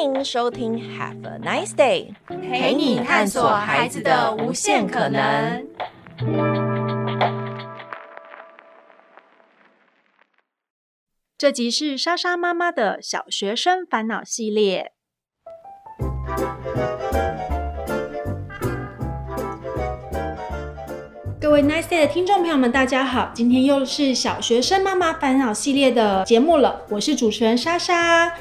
歡迎收聽《Have a Nice Day》，陪你探索孩子的無限可能。這集是莎莎媽媽的小學生煩惱系列。各位《Nice Day》的聽眾朋友們，大家好！今天又是小學生媽媽煩惱系列的節目了，我是主持人莎莎。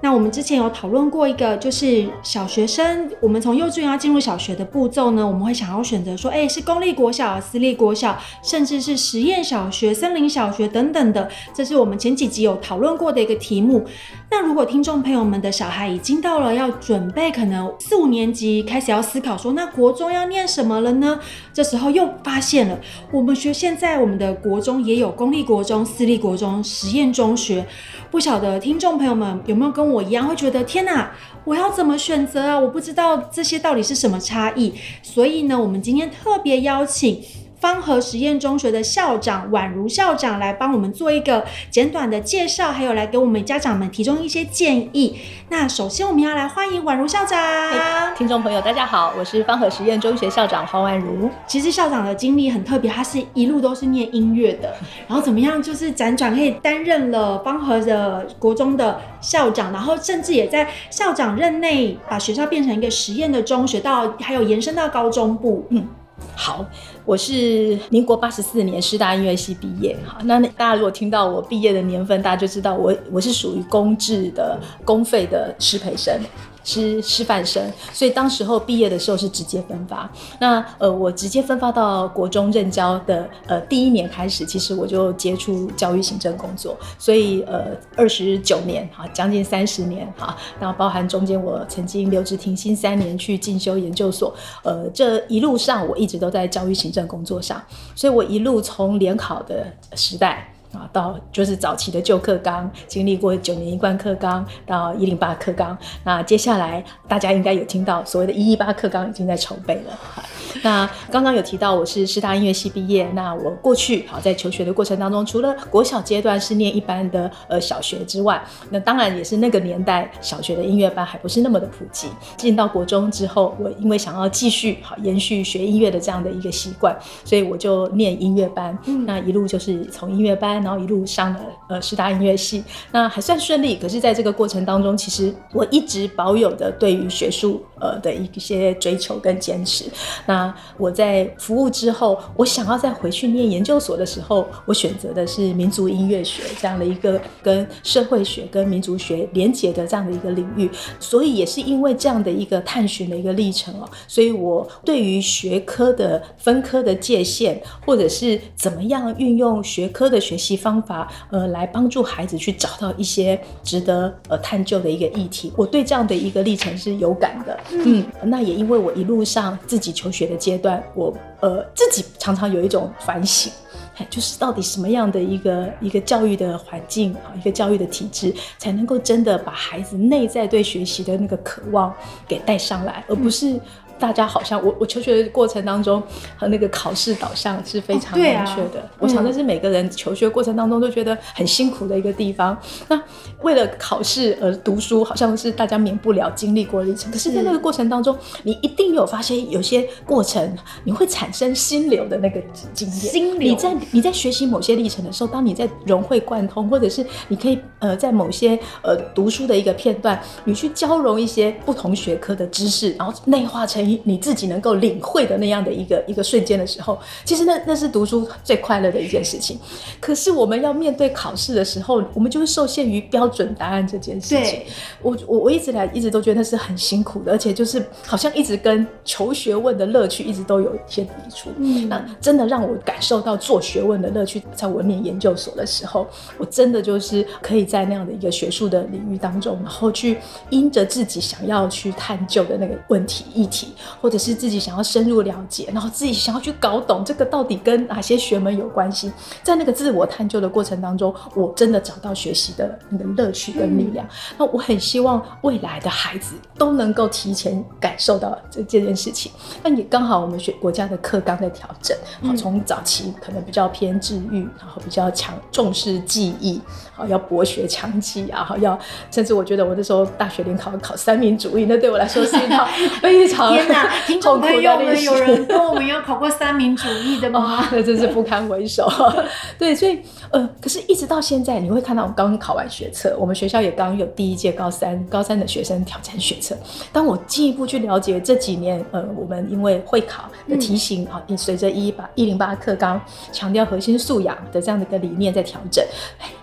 那我們之前有討論過一個，就是小學生，我們從幼稚園要進入小學的步驟呢，我們會想要選擇說，哎、欸，是公立國小、私立國小，甚至是實驗小學、森林小學等等的，這是我們前幾集有討論過的一個題目。那如果聽眾朋友們的小孩已經到了要準備，可能四五年級開始要思考說，那國中要念什麼了呢？這時候又發現了，我們學，現在我們的國中也有公立國中、私立國中、實驗中學。不曉得聽眾朋友們有沒有跟我一樣會覺得，天哪，我要怎麼選擇啊？我不知道這些到底是什麼差異。所以呢，我們今天特別邀請。芳和實驗中學的校長琬茹校長來幫我們做一個簡短的介紹，還有來給我們家長們提供一些建議。那首先我們要來歡迎琬茹校長。Hey, 聽眾朋友，大家好，我是芳和實驗中學校長黃琬茹。其實校長的經歷很特別，他是一路都是念音樂的，然後怎麼樣，就是輾轉可以擔任了芳和的國中的校長，然後甚至也在校長任內把學校變成一個實驗的中學，到還有延伸到高中部。嗯，好。我是民國八十四年師大音樂系畢業，好，那大家如果聽到我畢業的年份，大家就知道我我是屬於公制的公費的師培生。是師範生，所以當時候畢業的時候是直接分發。那呃，我直接分發到國中任教的呃第一年開始，其實我就接觸教育行政工作。所以呃，二十九年哈，將近三十年哈，然後包含中間我曾經留職停薪三年去進修研究所，呃，這一路上我一直都在教育行政工作上。所以我一路從聯考的時代。啊，到就是早期的舊課綱，經歷過九年一貫課綱，到一零八課綱，那接下來大家應該有聽到所謂的一一八課綱已經在籌備了。 那剛剛有提到我是師大音樂系畢業，那我過去好在求學的過程當中，除了國小階段是念一般的呃小學之外，那當然也是那個年代小學的音樂班還不是那麼的普及。進到國中之後，我因為想要繼續好延續學音樂的這樣的一個習慣，所以我就念音樂班。嗯，那一路就是從音樂班，然後一路上了呃師大音樂系，那還算順利。可是，在這個過程當中，其實我一直保有的對於學術呃的一些追求跟堅持。那我在服務之後，我想要再回去念研究所的時候，我選擇的是民族音樂學這樣的一個跟社會學跟民族學連接的這樣的一個領域。所以也是因為這樣的一個探尋的一個歷程哦、喔，所以我對於學科的分科的界限，或者是怎麼樣運用學科的學習。其方法，呃，來幫助孩子去找到一些值得呃探究的一個議題。我對這樣的一個歷程是有感的，嗯，那也因為我一路上自己求學的階段，我呃自己常常有一種反省，哎，就是到底什麼樣的一個一個教育的環境啊，一個教育的體制，才能夠真的把孩子內在對學習的那個渴望給帶上來，而不是。嗯大家好像我我求學的過程當中和那個考試導向是非常明確的。啊、對啊。我想那是每個人求學過程當中都覺得很辛苦的一個地方。嗯、那為了考試而、呃、讀書，好像是大家免不了經歷過的歷程。可是，在那個過程當中，是你一定有發現有些過程，你會產生心流的那個經驗。心流。你在你在學習某些歷程的時候，當你在融會貫通，或者是你可以呃在某些呃讀書的一個片段，你去交融一些不同學科的知識，然後內化成。你你自己能夠領會的那樣的一個一個瞬間的時候，其實那那是讀書最快樂的一件事情。可是我們要面對考試的時候，我們就是受限於標準答案這件事情。對我我我一直來一直都覺得那是很辛苦的，而且就是好像一直跟求學問的樂趣一直都有一些抵觸。嗯，那真的讓我感受到做學問的樂趣，在我念研究所的時候，我真的就是可以在那樣的一個學術的領域當中，然後去因着自己想要去探究的那個問題議題。或者是自己想要深入了解，然後自己想要去搞懂這個到底跟哪些學門有關係，在那個自我探究的過程當中，我真的找到學習的那個樂趣跟力量。嗯、那我很希望未來的孩子都能夠提前感受到這這件事情。那也剛好，我們學國家的課綱在調整，從、嗯、早期可能比較偏智育，然後比較強重視記憶，好要博學強記，啊，好要甚至我覺得我那時候大學聯考考三民主義，那對我來說是一套非常。 聽眾朋友們，有人跟我們有考過三民主義的嗎？那真、哦、是不堪回首。 對、對，所以呃，可是，一直到現在，你會看到我剛考完學測，我們學校也剛有第一屆高三高三的學生挑戰學測。當我進一步去了解這幾年，呃，我們因為會考的題型啊，也隨着一八一零八課綱強調核心素養的這樣的一個理念在調整。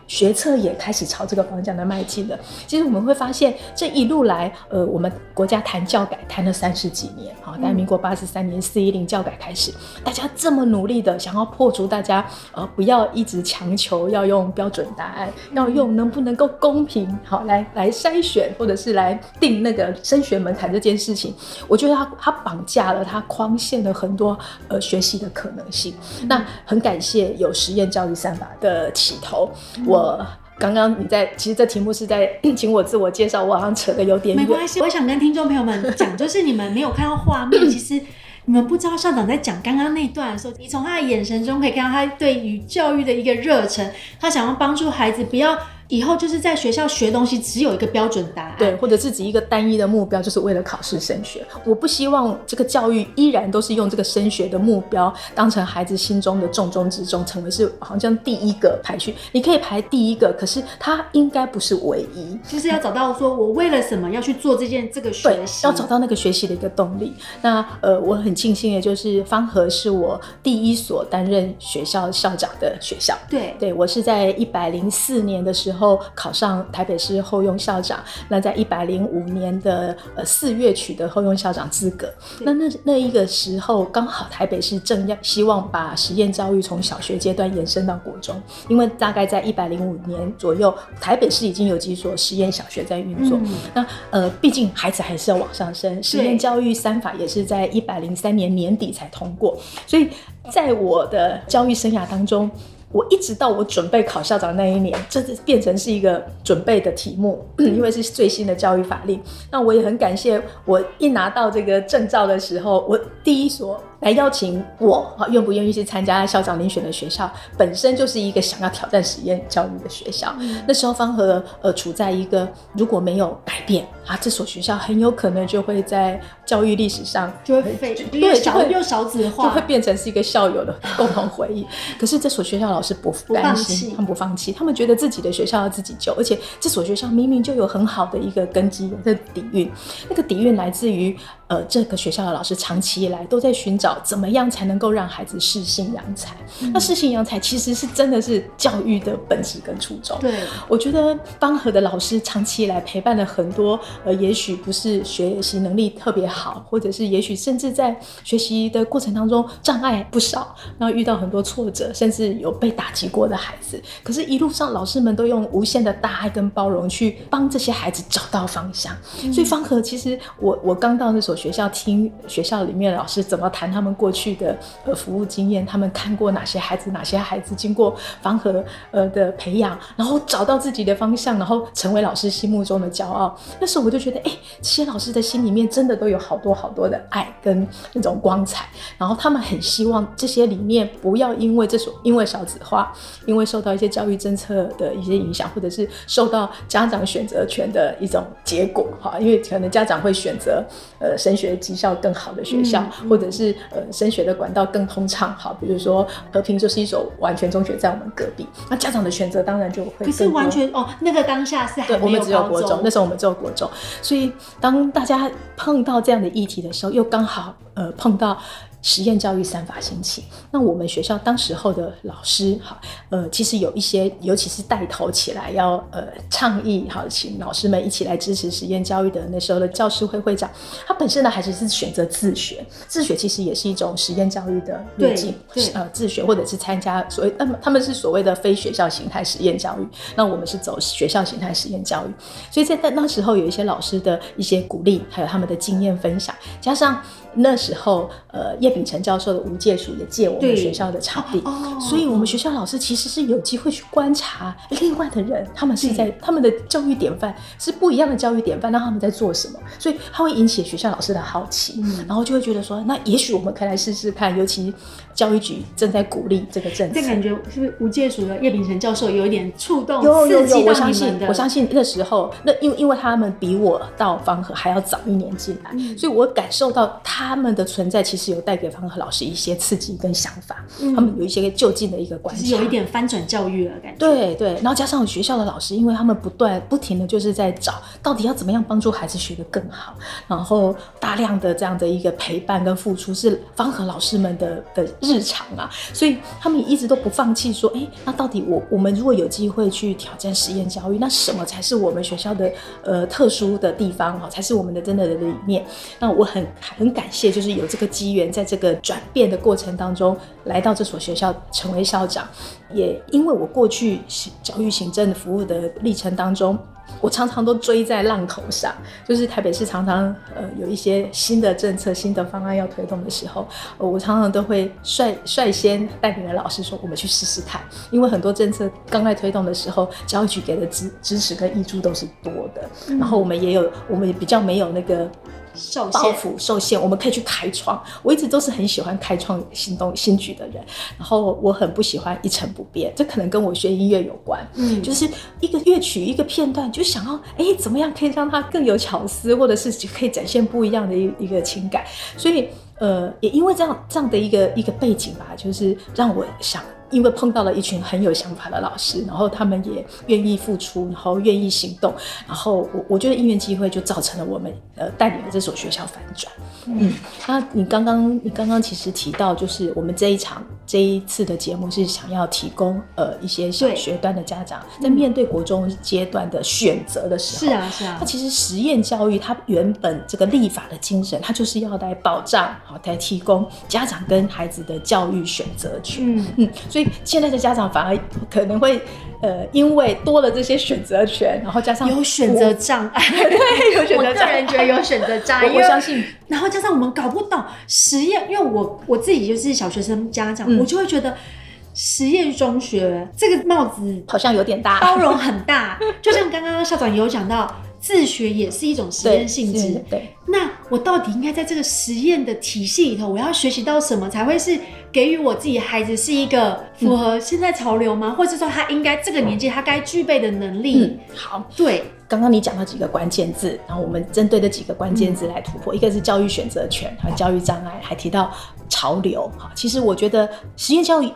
學測也開始朝這個方向的邁進了。其實我們會發現，這一路來，呃，我們國家談教改談了三十幾年，好、哦，從民國八十三年四一零教改開始，嗯、大家這麼努力的想要破除大家，呃，不要一直強求要用標準答案，嗯、要用能不能夠公平好、哦、來來篩選或者是來定那個升學門檻這件事情，我覺得它它綁架了，它框限了很多呃學習的可能性。那很感謝有實驗教育三法的起頭，我、嗯。我剛剛你在，其實這題目是在請我自我介紹，我好像扯的有點遠。沒關係，我想跟聽眾朋友們講， 就是你們沒有看到畫面，其實你們不知道校長在講剛剛那段的時候，你從他的眼神中可以看到他對於教育的一個熱忱，他想要幫助孩子，不要。以後就是在學校學東西，只有一個標準答案，對，或者自己一個單一的目標，就是為了考試升學。我不希望這個教育依然都是用這個升學的目標當成孩子心中的重中之重，成為是好像第一個排序。你可以排第一個，可是他應該不是唯一，就是要找到說我為了什麼要去做這件這個學習，要找到那個學習的一個動力。那呃，我很慶幸的就是芳和是我第一所擔任學校校長的學校，對，對，我是在一百零四年的時候。然後考上台北市候用校長，那在一百零五年的呃四月取得候用校長資格。那那那一個時候，剛好台北市正要希望把實驗教育從小學階段延伸到國中，因為大概在一百零五年左右，台北市已經有幾所實驗小學在運作。嗯、那呃，畢竟孩子還是要往上升，實驗教育三法也是在一百零三年年底才通過，所以在我的教育生涯當中。我一直到我準備考校長那一年，這就變成是一個準備的題目，因為是最新的教育法令。那我也很感謝，我一拿到這個證照的時候，我第一所。還邀請我啊，願不願意去參加校長遴選的學校，本身就是一個想要挑戰實驗教育的學校。那時候芳和呃，處在一個如果沒有改變啊，這所學校很有可能就會在教育歷史上就會廢，對，就會少子化，就會變成是一個校友的共同回憶。 可是這所學校老師不放心，不放心，他們不放棄，他們覺得自己的學校要自己救，而且這所學校明明就有很好的一個根基的是底蘊，那個底蘊來自於。呃，這個學校的老師長期以來都在尋找怎麼樣才能夠讓孩子適性揚才。嗯、那適性揚才其實是真的是教育的本質跟初衷。對，我覺得芳和的老師長期以來陪伴了很多，呃，也許不是學習能力特別好，或者是也許甚至在學習的過程當中障礙不少，然後遇到很多挫折，甚至有被打擊過的孩子。可是，一路上老師們都用無限的大愛跟包容去幫這些孩子找到方向。嗯、所以，芳和其實我我剛到的時候。學校聽學校裡面老師怎麼談他們過去的呃服務經驗，他們看過哪些孩子，哪些孩子經過芳和呃的培養，然後找到自己的方向，然後成為老師心目中的驕傲。那時候我就覺得，哎、欸，這些老師的心裡面真的都有好多好多的愛跟那種光彩。然後他們很希望這些理念不要因為這所因為少子化，因為受到一些教育政策的一些影響，或者是受到家長選擇權的一種結果哈，因為可能家長會選擇呃。升學績效更好的學校，嗯嗯、或者是呃升學的管道更通暢，好，比如說和平就是一所完全中學，在我們隔壁，嗯、那家長的選擇當然就會更多。可是完全哦，那個當下是還沒有高中。對我們只有國中。那時候我們只有國中，嗯、所以當大家碰到這樣的議題的時候，又剛好呃碰到。實驗教育三法興起，那我們學校當時候的老師，哈，呃，其實有一些，尤其是帶頭起來要呃倡議，好，請老師們一起來支持實驗教育的。那時候的教師會會長，他本身呢，還是是選擇自學，自學其實也是一種實驗教育的路徑，呃，自學或者是參加所謂那麼他們是所謂的非學校形態實驗教育，那我們是走學校形態實驗教育，所以在在那時候有一些老師的一些鼓勵，還有他們的經驗分享，加上。那時候，呃，葉丙成教授的無界塾也借我們學校的場地，啊哦、所以，我們學校老師其實是有機會去觀察另外的人，他們是在對他們的教育典範是不一樣的教育典範，那他們在做什麼？所以，他會引起學校老師的好奇，嗯、然後就會覺得說，那也許我們可以來試試看。尤其教育局正在鼓勵這個政策，這感覺是不是無界塾的葉丙成教授有一點觸動，有有有刺激到你們的？我相信我相信那個時候，那因為因為他們比我到方和還要早一年進來，嗯、所以我感受到他。他們的存在其實有帶給芳和老師一些刺激跟想法，嗯、他們有一些就近的一個關係，是有一點翻轉教育的感覺。對對，然後加上學校的老師，因為他們不斷不停的就是在找，到底要怎麼樣幫助孩子學得更好，然後大量的這樣的一個陪伴跟付出是芳和老師們的的日常啊，所以他們也一直都不放棄說，哎，那到底我我們如果有機會去挑戰實驗教育，那什麼才是我們學校的呃特殊的地方哈，才是我們的真正的，的理念？那我很很感謝，謝就是有這個機緣，在這個轉變的過程當中，來到這所學校成為校長，也因為我過去教育行政服務的歷程當中，我常常都追在浪頭上，就是台北市常常呃有一些新的政策、新的方案要推動的時候，我常常都會率率先帶領的老師說，我們去試試看，因為很多政策剛在推動的時候，教育局給的支支持跟挹注都是多的，然後我們也有，我們也比較沒有那個。束縛受，受限，我們可以去開創。我一直都是很喜歡開創新東新局的人，然後我很不喜歡一成不變。這可能跟我學音樂有關，嗯，就是一個樂曲一個片段，就想要哎怎麼樣可以讓它更有巧思，或者是可以展現不一樣的一一個情感。所以呃，也因為這樣這樣的一個一個背景吧、啊，就是讓我想。因為碰到了一群很有想法的老師，然後他們也願意付出，然後願意行動，然後我我覺得因緣際會就造成了我們呃帶領的這所學校翻轉。嗯，嗯，那你剛剛你剛剛其實提到就是我們這一場，這一次的節目是想要提供呃一些小學端的家長，在面對國中階段的選擇的時候，是啊是啊。那、嗯、其實實驗教育它原本這個立法的精神，它就是要來保障好，來提供家長跟孩子的教育選擇權。嗯，嗯，所以現在的家長反而可能會呃，因為多了這些選擇權，然後加上有選擇障礙，對， 有選擇障礙，有選擇障礙， 我相信。然後加上我們搞不懂實驗，因為我我自己就是小學生家長，嗯，我就會覺得實驗中學這個帽子好像有點大，包容很大。 就像剛剛校長也有講到。自學也是一種實驗性質。對，那我到底應該在這個實驗的體系裡頭，我要學習到什麼才會是給予我自己孩子是一個符合現在潮流嗎？嗯、或是說他應該這個年紀他該具備的能力？嗯嗯、好，對，剛剛你講了幾個關鍵字，然後我們針對這幾個關鍵字來突破，嗯、一個是教育選擇權還有教育障礙，還提到潮流。哈，其實我覺得實驗教育。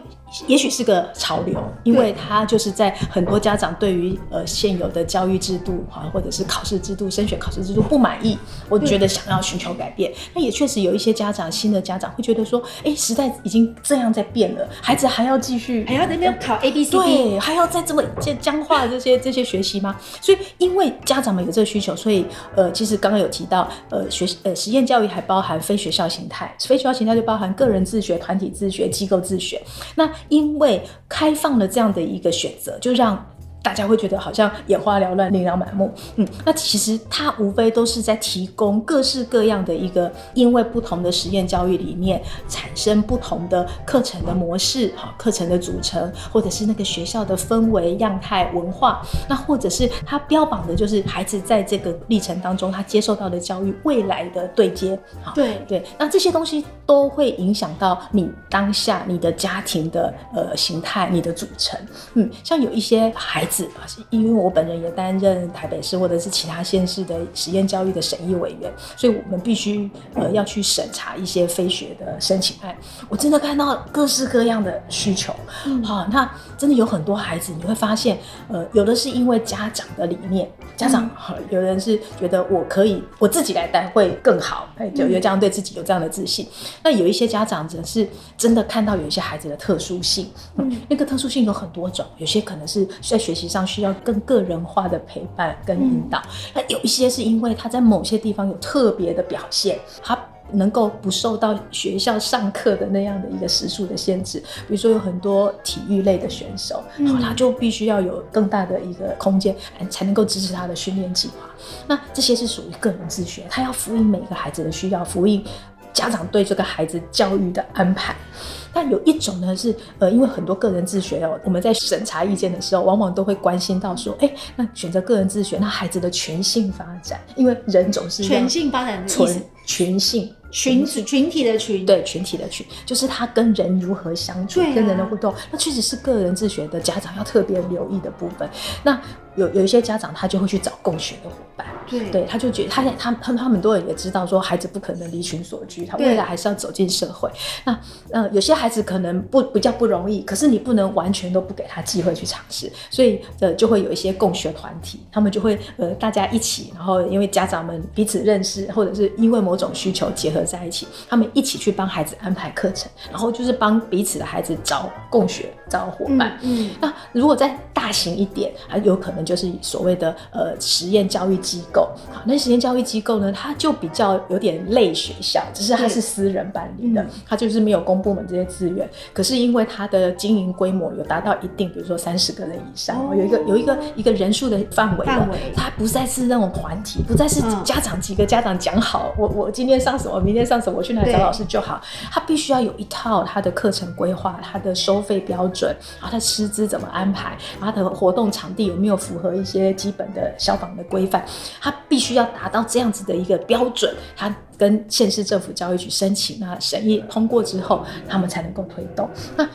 也許是個潮流，因為他就是在很多家長對於呃現有的教育制度哈，或者是考試制度、升學考試制度不滿意，我覺得想要尋求改變。那對 也確實有一些家長，新的家長會覺得說，哎、欸，時代已經這樣在變了，孩子還要繼續還要在那邊考、呃、A B C D，還要再這麼僵僵化這些這些學習嗎？所以因為家長們有這個需求，所以呃，其實剛剛有提到呃學呃實驗教育還包含非學校形態，非學校形態就包含個人自學、團體自學、機構自學，那。因為開放了這樣的一個選擇，就讓。大家會覺得好像眼花繚亂，琳琅滿目，嗯，那其實它無非都是在提供各式各樣的一個，因為不同的實驗教育理念產生不同的課程的模式、課程的組成，或者是那個學校的氛圍、樣態、文化，那或者是它標榜的就是孩子在這個歷程當中他接受到的教育未來的對接，對，好，對對，那這些東西都會影響到你當下你的家庭的呃形態、你的組成，嗯，像有一些孩。因為我本人也擔任台北市或者是其他縣市的實驗教育的審議委員，所以我們必須呃要去審查一些非學的申請案。我真的看到各式各樣的需求，好、嗯啊，那真的有很多孩子，你會發現，呃，有的是因為家長的理念，家長好，嗯、有人是覺得我可以我自己來帶會更好，就有有這樣對自己有這樣的自信。嗯、那有一些家長則是真的看到有一些孩子的特殊性，嗯，那個特殊性有很多種，有些可能是在學。實際上需要更個人化的陪伴跟引導。那、嗯、有一些是因為他在某些地方有特別的表現，他能夠不受到學校上課的那樣的一個時數的限制。比如說有很多體育類的選手，然後他就必須要有更大的一個空間，才能夠支持他的訓練計劃。那這些是屬於個人自學，他要符合每個孩子的需要，符合家長對這個孩子教育的安排。但有一種呢是，呃，因為很多個人自學哦、喔，我們在審查意見的時候，往往都會關心到說，哎、欸，那選擇個人自學，那孩子的群性發展，因為人總是群性發展的群，群群性群群體的群，對群體的群，就是他跟人如何相處，啊、跟人的互動，那確實是個人自學的家長要特別留意的部分。那有有一些家長他就會去找共學的夥伴。對，他就覺得他他他他們很多人也知道說，孩子不可能離群索居，他未來還是要走進社會。對那呃，那有些孩子可能不比較不容易，可是你不能完全都不給他機會去嘗試，所以呃，就會有一些共學團體，他們就會呃大家一起，然後因為家長們彼此認識，或者是因為某種需求結合在一起，他們一起去幫孩子安排課程，然後就是幫彼此的孩子找共學。找夥伴嗯，嗯，那如果再大型一點，還有可能就是所謂的呃實驗教育機構，好，那實驗教育機構呢，它就比較有點類學校，只是它是私人辦理的，對它就是沒有公部門這些資源，嗯、可是因為它的經營規模有達到一定，比如說三十個人以上，哦、有一個有一個一個人數的範圍，呢圍，它不再是那種團體，不再是家長幾個家長講好，哦、我我今天上什麼，明天上什麼，我去哪裡找老師就好，對它必須要有一套它的課程規劃，它的收費標準。嗯准，然後它的師資怎麼安排，然後它的活動場地有沒有符合一些基本的消防的規範，它必須要達到這樣子的一個標準，它跟縣市政府教育局申請啊，審議通過之後，他們才能夠推動。那、啊。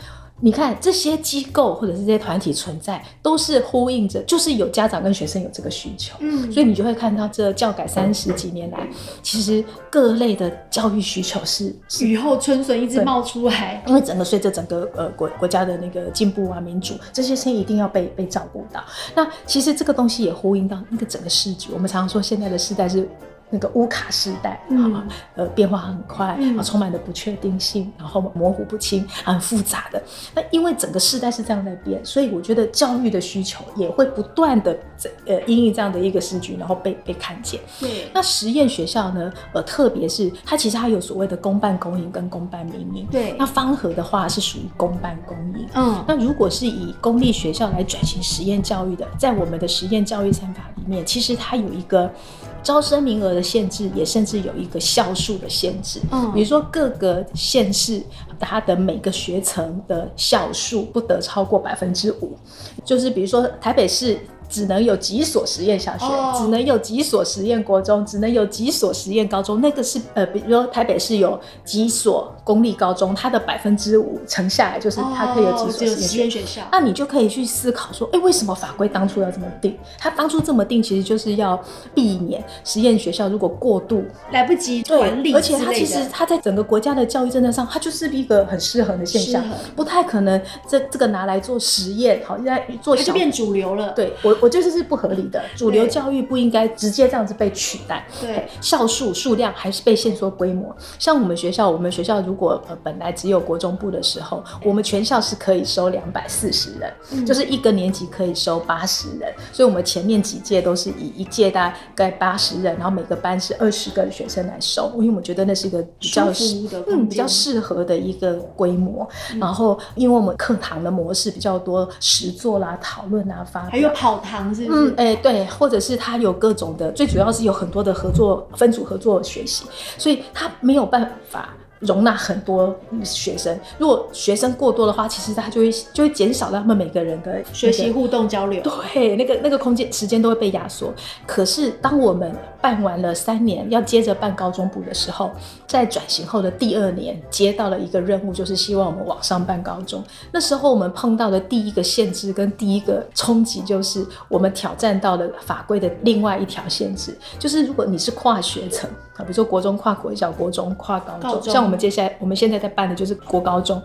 你看這些機構或者是這些團體存在，都是呼應着，就是有家長跟學生有這個需求，嗯，所以你就會看到這教改三十幾年來，其實各類的教育需求是雨後春筍一直冒出來，因為、嗯嗯、整個隨着整個呃國國家的那個進步啊、民主，這些事情一定要被被照顧到。那其實這個東西也呼應到那個整個世界，我們常常說現在的世代是。那個烏卡世代啊，呃，變化很快，啊，充滿了不確定性，然後模糊不清，很複雜的。那因為整個世代是這樣在變，所以我覺得教育的需求也會不斷的呃，因應這樣的一個時局，然後被被看見。對，那實驗學校呢，呃，特別是它其實還有所謂的公辦公營跟公辦民營。對，那方和的話是屬於公辦公營。嗯，那如果是以公立學校來轉型實驗教育的，在我們的實驗教育三法裡面，其實它有一個。招生名額的限制，也甚至有一個校數的限制。嗯、比如說各個縣市它的每個學層的校數不得超過百分之五，就是比如說台北市只能有幾所實驗小學，哦、只能有幾所實驗國中，只能有幾所實驗高中，那個是呃，比如說台北市有幾所。公立高中它的百分之五乘下來，就是它可以有幾所實驗學校。哦、學校，那你就可以去思考說，哎、欸，為什麼法規當初要這麼定？它當初這麼定，其實就是要避免實驗學校如果過度來不及管理。而且它其實它在整個國家的教育政策上，它就是一個很失衡的現象，衡不太可能這這個拿來做實驗，好像做它就變主流了。對我，我覺得這是不合理的，主流教育不應該直接這樣子被取代。對，對校數數量還是被限縮規模。像我們學校，我們學校如。如果呃本來只有國中部的時候，我們全校是可以收兩百四十人，嗯、就是一個年級可以收八十人，所以，我們前面幾屆都是以一屆大概八十人，然後每個班是二十個學生來收，因為我覺得那是一個比較適嗯比較適合的一個規模。嗯、然後，因為我們課堂的模式比較多，實作啦、討論啦、發還有跑堂是不是嗯？哎、欸、對，或者是他有各種的，最主要是有很多的合作分組合作學習，所以他沒有辦法，容納很多學生，如果學生過多的話，其實他就會就會減少他們每個人的、那個、學習互動交流。對，那個那個空間時間都會被壓縮。可是當我們。辦完了三年，要接着辦高中部的時候，在轉型後的第二年，接到了一個任務，就是希望我們往上辦高中。那時候我們碰到的第一個限制跟第一個衝擊，就是我們挑戰到了法規的另外一條限制，就是如果你是跨學層啊，比如說，國中跨國小、國中跨高中，高中像我們接下來我們現在在辦的就是國高中。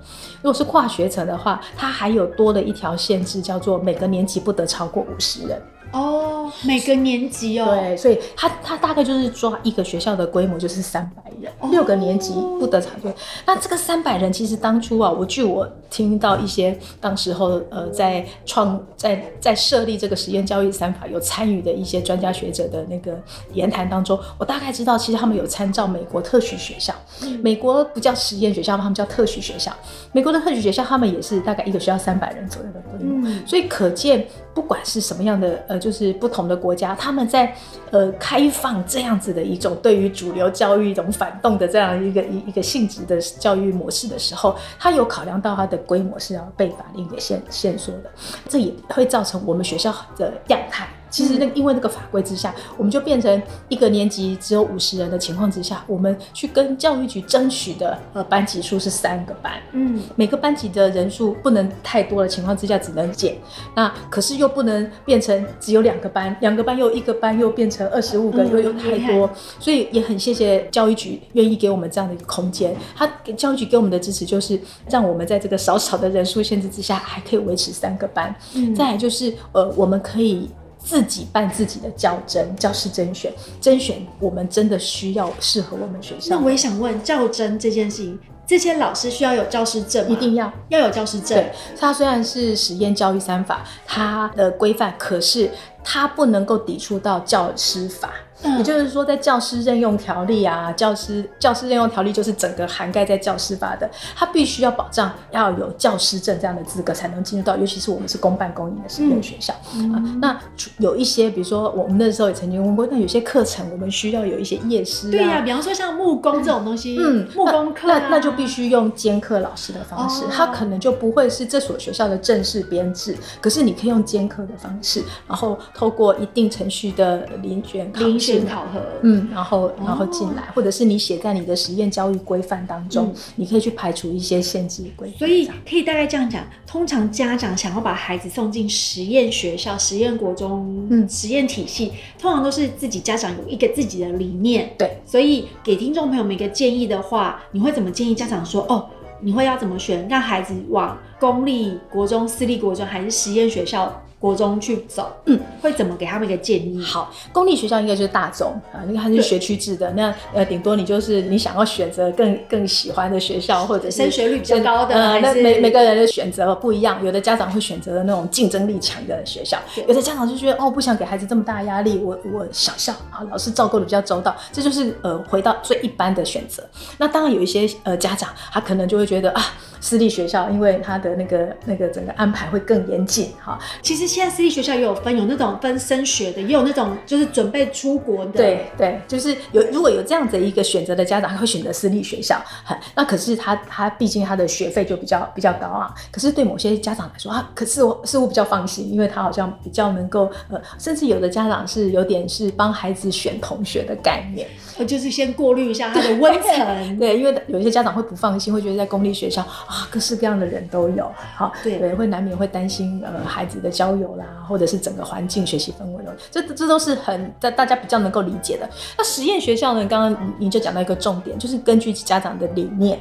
如果是跨學層的話，它還有多了一條限制，叫做每個年級不得超過五十人。哦，oh, 每個年級哦、喔，對，所以他他大概就是抓一個學校的規模就是三百人，六、oh. 個年級不得超過，對。那這個三百人其實當初啊，我據我聽到一些當時候呃在創在在設立這個實驗教育三法有參與的一些專家學者的那個言談當中，我大概知道其實他們有參照美國特許學校，嗯、美國不叫實驗學校，他們叫特許學校。美國的特許學校他們也是大概一個學校三百人左右的規模，嗯、所以可見不管是什麼樣的呃。就是不同的國家，他們在呃開放這樣子的一種對於主流教育一種反動的這樣一個一一個性質的教育模式的時候，他有考量到它的規模是要被法令給限限縮的，這也會造成我們學校的樣態。其實那個，因為那個法規之下，我們就變成一個年級只有五十人的情況之下，我們去跟教育局爭取的呃班級數是三個班，嗯，每個班級的人數不能太多的情況之下，只能減。那可是又不能變成只有兩個班，兩個班又一個班又變成二十五個，又有太多，所以也很謝謝教育局願意給我們這樣的一個空間。他教育局給我們的支持就是讓我們在這個少少的人數限制之下，還可以維持三個班。再來就是呃，我們可以。自己辦自己的教甄，教師甄選，甄選我們真的需要適合我們學校。那我也想問，教甄這件事情，這些老師需要有教師證嗎？一定要要有教師證。對，它雖然是實驗教育三法，它的規範，可是它不能夠抵觸到教師法。也就是說，在教師任用條例啊，教師教師任用條例就是整個涵蓋在教師法的，他必須要保障要有教師證這樣的資格才能進入到，尤其是我們是公辦公營的私立學校、嗯、啊。那有一些，比如說我們那時候也曾經問過，那有些課程我們需要有一些夜師、啊，對呀、啊，比方說像木工這種東西，嗯，木工課，那那就必須用兼課老師的方式，他、哦、可能就不會是這所學校的正式編制，可是你可以用兼課的方式，然後透過一定程序的遴選考。考核，嗯，然後然後進來，哦、或者是你寫在你的實驗教育規範當中，嗯、你可以去排除一些限制規範。所以可以大概這樣講，通常家長想要把孩子送進實驗學校、實驗國中、嗯，實驗體系，通常都是自己家長有一個自己的理念。對，所以給聽眾朋友們一個建議的話，你會怎麼建議家長說？哦，你會要怎麼選，讓孩子往公立國中、私立國中還是實驗學校？國中去走，嗯，會怎麼給他們一個建議？好，公立學校應該就是大宗啊，因為它是學區制的。對那呃，頂多你就是你想要選擇更更喜歡的學校，或者是升學率比較高的。嗯、呃，那每每個人的選擇不一樣，有的家長會選擇那種競爭力強的學校，對有的家長就覺得哦，不想給孩子這麼大壓力，我我想小校啊，老師照顧的比較周到，這就是呃回到最一般的選擇。那當然有一些呃家長，他可能就會覺得啊。私立學校，因為他的那個那個整個安排會更嚴謹哈。啊、其實現在私立學校也有分，有那種分升學的，也有那種就是準備出國的。對對，就是有如果有這樣子一個選擇的家長，他會選擇私立學校。嗯、那可是他他畢竟他的學費就比較比較高啊。可是對某些家長來說啊，可是我是我比較放心，因為他好像比較能夠呃，甚至有的家長是有點是幫孩子選同學的概念。就是先過濾一下它的溫層， 對，因為有一些家長會不放心，會覺得在公立學校啊，各式各樣的人都有，啊、對，對，會難免會擔心呃孩子的交友啦，或者是整個環境、學習氛圍，這這都是很大大家比較能夠理解的。那實驗學校呢？剛剛您就講到一個重點，就是根據家長的理念，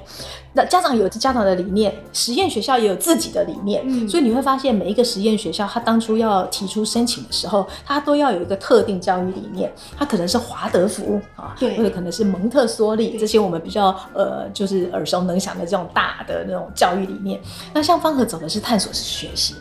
那家長有家長的理念，實驗學校也有自己的理念，嗯，所以你會發現每一個實驗學校，他當初要提出申請的時候，他都要有一個特定教育理念，他可能是華德福啊。或者可能是蒙特梭利這些我們比較呃，就是耳熟能詳的這種大的那種教育理念。那像芳和走的是探索式學習，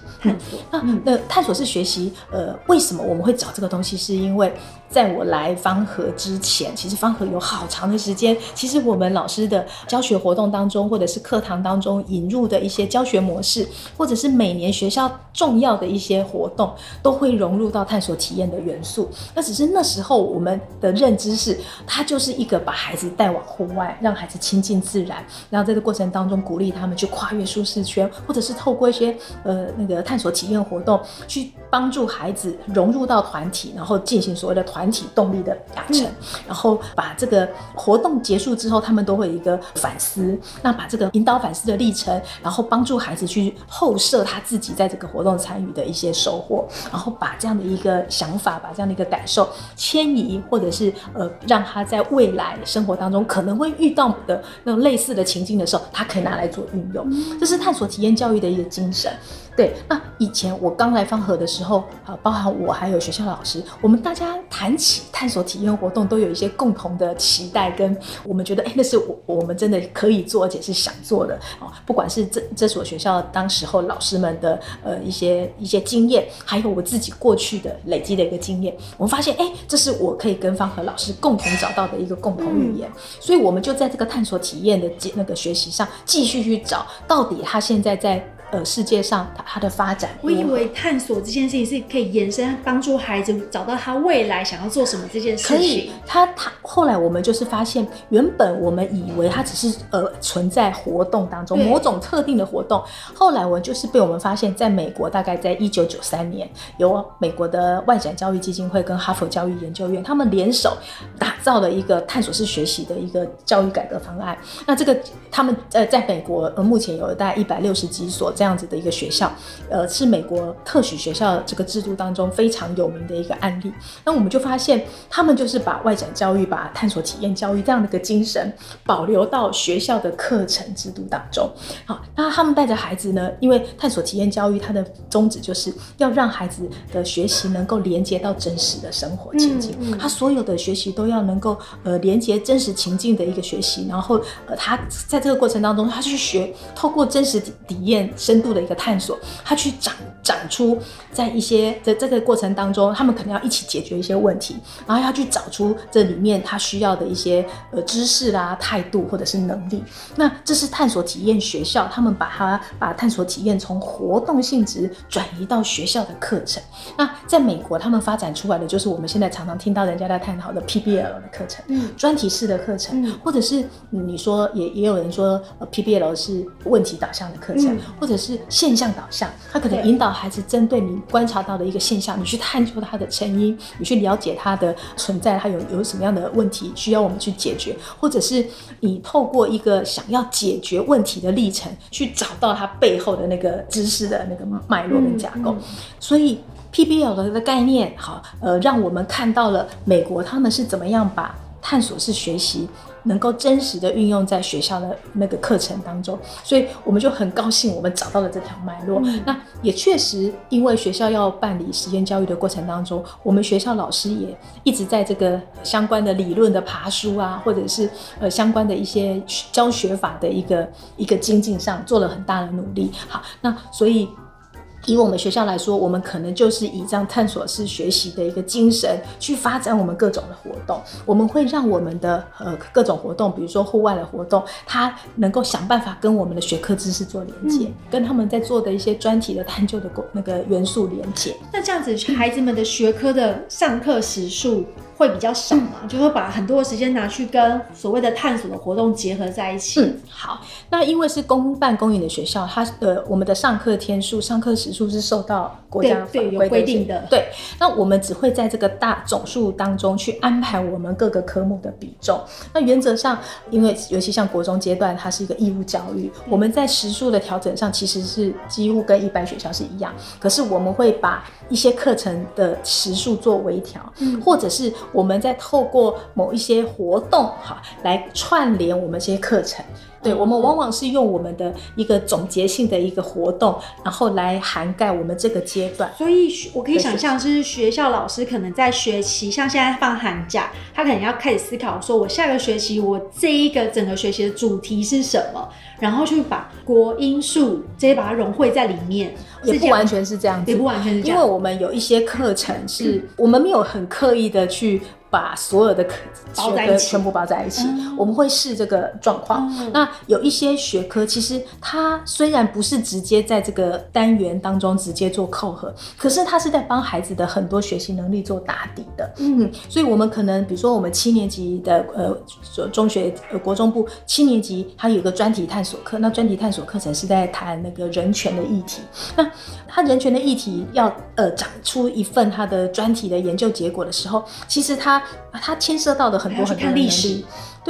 那那、嗯、探索式學習，呃，為什麼我們會找這個東西？是因為。在我來芳和之前，其實芳和有好長的時間。其實我們老師的教學活動當中，或者是課堂當中引入的一些教學模式，或者是每年學校重要的一些活動，都會融入到探索體驗的元素。那只是那時候我們的認知是，它就是一個把孩子帶往戶外，讓孩子親近自然，然後在這個過程當中鼓勵他們去跨越舒適圈，或者是透過一些呃那個探索體驗活動去。幫助孩子融入到團體，然後進行所謂的團體動力的養成，嗯、然後把這個活動結束之後，他們都會有一個反思。那把這個引導反思的歷程，然後幫助孩子去後設他自己在這個活動參與的一些收穫，然後把這樣的一個想法，把這樣的一個感受遷移，或者是呃讓他在未來生活當中可能會遇到的那種類似的情境的時候，他可以拿來做運用。嗯、這是探索體驗教育的一個精神。對，那以前我剛來芳和的時候，啊，包含我還有學校老師，我們大家談起探索體驗活動，都有一些共同的期待，跟我們覺得，誒、欸，那是我我們真的可以做，而且是想做的啊。不管是這這所學校當時候老師們的呃一些一些經驗，還有我自己過去的累積的一個經驗，我們發現，誒、欸，這是我可以跟芳和老師共同找到的一個共同語言，嗯、所以我們就在這個探索體驗的那個學習上，繼續去找到底他現在在。呃，世界上它它的發展，我以為探索這件事情是可以延伸幫助孩子找到他未來想要做什麼這件事情。可以他他後來我們就是發現，原本我們以為他只是呃存在活動當中對某種特定的活動。後來我就是被我們發現在美國，大概在一九九三年，由美國的外展教育基金會跟哈佛教育研究院他們聯手打造了一個探索式學習的一個教育改革方案。那這個他們呃在美國呃目前有了大概一百六十幾所。這樣子的一個學校，呃，是美國特許學校的這個制度當中非常有名的一個案例。那我們就發現，他們就是把外展教育、把探索體驗教育這樣的一個精神，保留到學校的課程制度當中。好，那他們帶着孩子呢，因為探索體驗教育，它的宗旨就是要讓孩子的學習能夠連接到真實的生活情境，嗯嗯，他所有的學習都要能夠呃連接真實情境的一個學習。然後，呃，他在這個過程當中，他去學，透過真實體驗。深度的一個探索，他去長長出，在一些在，在這個過程當中，他們可能要一起解決一些問題，然後要去找出這裡面他需要的一些呃知識啦、啊、態度或者是能力。那這是探索體驗學校，他們把他把探索體驗從活動性質轉移到學校的課程。那在美國，他們發展出來的就是我們現在常常聽到人家在探討的 PBL 的課程，嗯，專題式的課程，或者是你說也也有人說、呃、PBL 是問題導向的課程，嗯、或者。是現象導向，它可能引導孩子針對你觀察到的一個現象，對你去探究它的成因，你去了解它的存在，它有有什麼樣的問題需要我們去解決，或者是你透過一個想要解決問題的歷程，去找到它背後的那個知識的那個脈絡跟架構。嗯嗯、所以 PBL 的概念，好，呃，讓我們看到了美國他們是怎麼樣把探索式學習。能夠真實的運用在學校的那個課程當中，所以我們就很高興，我們找到了這條脈絡。嗯。那也確實，因為學校要辦理實驗教育的過程當中，我們學校老師也一直在這個相關的理論的爬梳啊，或者是呃相關的一些教學法的一個一個精進上，做了很大的努力。好，那所以。以我們學校來說，我們可能就是以這樣探索式學習的一個精神去發展我們各種的活動。我們會讓我們的呃各種活動，比如說戶外的活動，它能夠想辦法跟我們的學科知識做連接，嗯、跟他們在做的一些專題的探究的那個元素連接。那這樣子，孩子們的學科的上課時數。會比較少嘛，嗯、就會把很多的時間拿去跟所謂的探索的活動結合在一起。嗯，好，那因為是公辦公營的學校，它呃，我們的上課天數、上課時數是受到國家法規，對，對，有規定的。對，那我們只會在這個大總數當中去安排我們各個科目的比重。那原則上，因為尤其像國中階段，它是一個義務教育，嗯、我們在時數的調整上其實是幾乎跟一般學校是一樣，可是我們會把一些課程的時數做微調，嗯、或者是。我們再透過某一些活動，哈，來串聯我們這些課程。對，我們往往是用我們的一個總結性的一個活動，然後來涵蓋我們這個階段的學習。所以，我可以想象，就是學校老師可能在學習，像現在放寒假，他可能要開始思考，說我下個學期我這一個整個學習的主題是什麼，然後去把國英數直接把它融匯在裡面。這也不完全是這樣子，也不完全是，因為我們有一些課程是、嗯、我們沒有很刻意的去。把所有的科學科全部包在一起，一起我們會試這個狀況。嗯，那有一些學科，其實它雖然不是直接在這個單元當中直接做扣合，可是它是在幫孩子的很多學習能力做打底的。嗯，所以我們可能比如說，我們七年級的呃，中中學呃國中部七年級，它有個專題探索課。那專題探索課程是在談那個人權的議題。那他人權的議題要呃，長出一份他的專題的研究結果的時候，其實他。它牽涉到的很多很多歷史。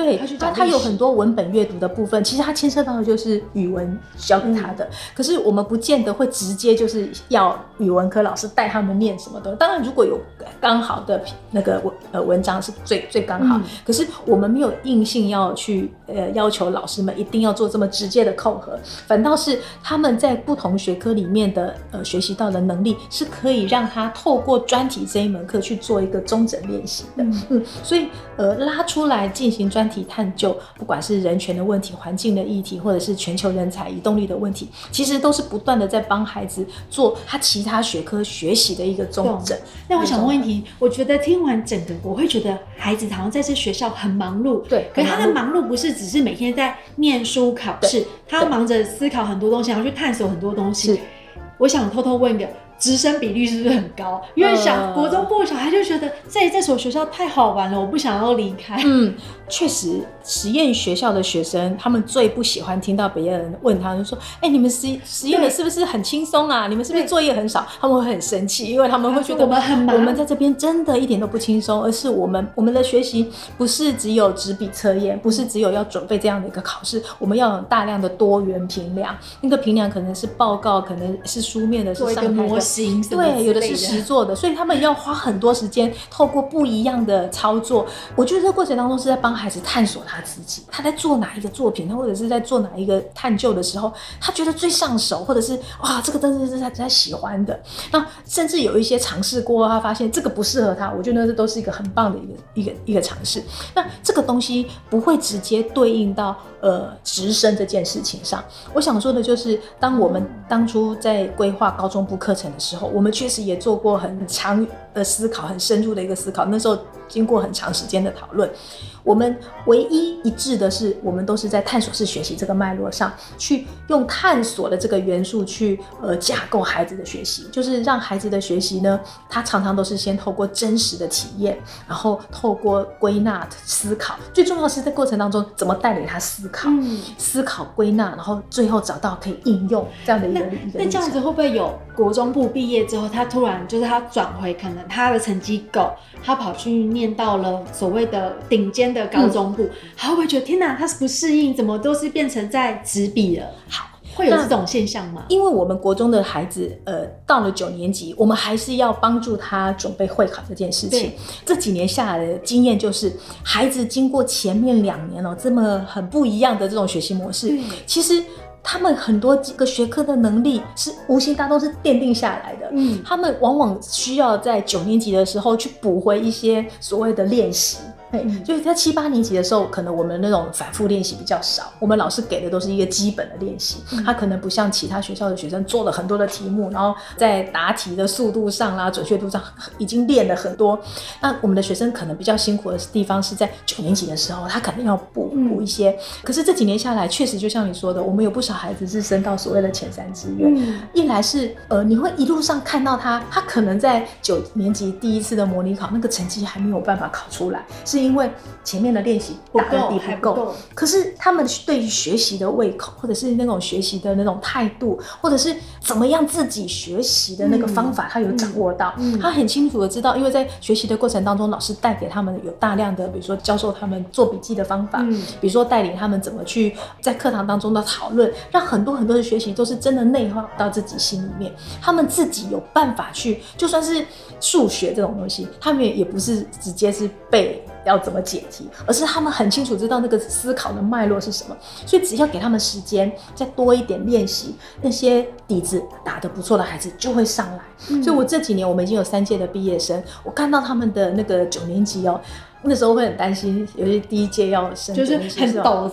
對，他他有很多文本閱讀的部分，其實他牽涉到的就是語文教給他的。嗯、可是我們不見得會直接就是要語文科老師帶他們念什麼的。當然如果有剛好的那個文呃文章是最最剛好，嗯、可是我們沒有硬性要去呃要求老師們一定要做這麼直接的扣合。反倒是他們在不同學科裡面的呃學習到的能力是可以讓他透過專題這一門課去做一個綜整練習的、嗯嗯。所以呃拉出來進行專。體探究，不管是人權的問題、環境的議題，或者是全球人才移動力的問題，其實都是不斷的在幫孩子做他其他學科學習的一個綜整。那我想問問題，我覺得聽完整的我會覺得孩子好像在這學校很忙碌，對。可是他的忙碌不是只是每天在念書考試，他忙着思考很多東西，然後去探索很多東西。是。我想偷偷問一個。直升比率是不是很高？因為想，國中部小孩就覺得在這所學校太好玩了，我不想要離開。嗯，確實，實驗學校的學生他們最不喜歡聽到別人問他們說：“哎、欸，你們實實驗的是不是很輕鬆啊？對你們是不是作業很少？”對他們會很生氣，因為他們會覺得我們很忙。我們在這邊真的一點都不輕鬆，而是我們我們的學習不是只有紙筆測驗，不是只有要準備這樣的一個考試，我們要有大量的多元評量，那個評量可能是報告，可能是書面的，是上面。對，有的是實做的，所以他們要花很多時間，透過不一樣的操作。我覺得這個過程當中是在幫孩子探索他自己，他在做哪一個作品，他或者是在做哪一個探究的時候，他覺得最上手，或者是哇，這個真的是他他喜歡的。那甚至有一些嘗試過，他發現這個不適合他，我覺得這都是一個很棒的一個一個一個，一個嘗試。那這個東西不會直接對應到呃直升這件事情上。我想說的就是，當我們當初在規劃高中部課程的時候。時候，我們確實也做過很長的思考，很深入的一個思考。那時候。經過很長時間的討論，我們唯一一致的是，我們都是在探索式學習這個脈絡上去用探索的這個元素去呃架構孩子的學習，就是讓孩子的學習呢，他常常都是先透過真實的體驗，然後透過歸納思考，最重要的是在過程當中怎麼帶領他思考、嗯、思考歸納，然後最後找到可以應用這樣的一個。那個那這樣子會不會有國中部畢業之後，他突然就是他轉回，可能他的成績夠，他跑去。念到了所謂的頂尖的高中部，好、嗯，還會不會覺得天哪，他是不適應，怎麼都是變成在紙筆了，好，會有這種現象嗎？因為我們國中的孩子，呃，到了九年級，我們還是要幫助他準備會考這件事情。對這幾年下來的經驗就是，孩子經過前面兩年哦、喔，這麼很不一樣的這種學習模式，對其實。他們很多幾個學科的能力是無形當中是奠定下來的，嗯，他們往往需要在九年級的時候去補回一些所謂的練習。對，所以在七八年級的時候，可能我們那種反覆練習比較少，我們老師給的都是一個基本的練習，他可能不像其他學校的學生做了很多的題目，然後在答題的速度上啦、準確度上已經練了很多。那我們的學生可能比較辛苦的地方是在九年級的時候，他可能要補補、嗯、一些。可是這幾年下來，確實就像你說的，我們有不少孩子是升到所謂的前三志願。嗯、一來是呃，你會一路上看到他，他可能在九年級第一次的模擬考那個成績還沒有辦法考出來。是因為前面的練習打的底不夠，還不夠，可是他們對於學習的胃口，或者是那種學習的那種態度，或者是怎麼樣自己學習的那個方法，嗯、他有掌握到，嗯、他很清楚的知道，因為在學習的過程當中，老師帶給他們有大量的，比如說，教授他們做筆記的方法，嗯、比如說帶領他們怎麼去在課堂當中的討論，讓很多很多的學習都是真的內化到自己心裡面，他們自己有辦法去，就算是數學這種東西，他們也不是直接是背，要怎麼解題，而是他們很清楚知道那個思考的脈絡是什麼，所以只要給他們時間，再多一點練習，那些底子打得不錯的孩子就會上來。嗯、所以我這幾年我們已經有三屆的畢業生，我看到他們的那個九年級哦、喔。那時候會很擔心，尤其第一屆要升，就是很抖，了，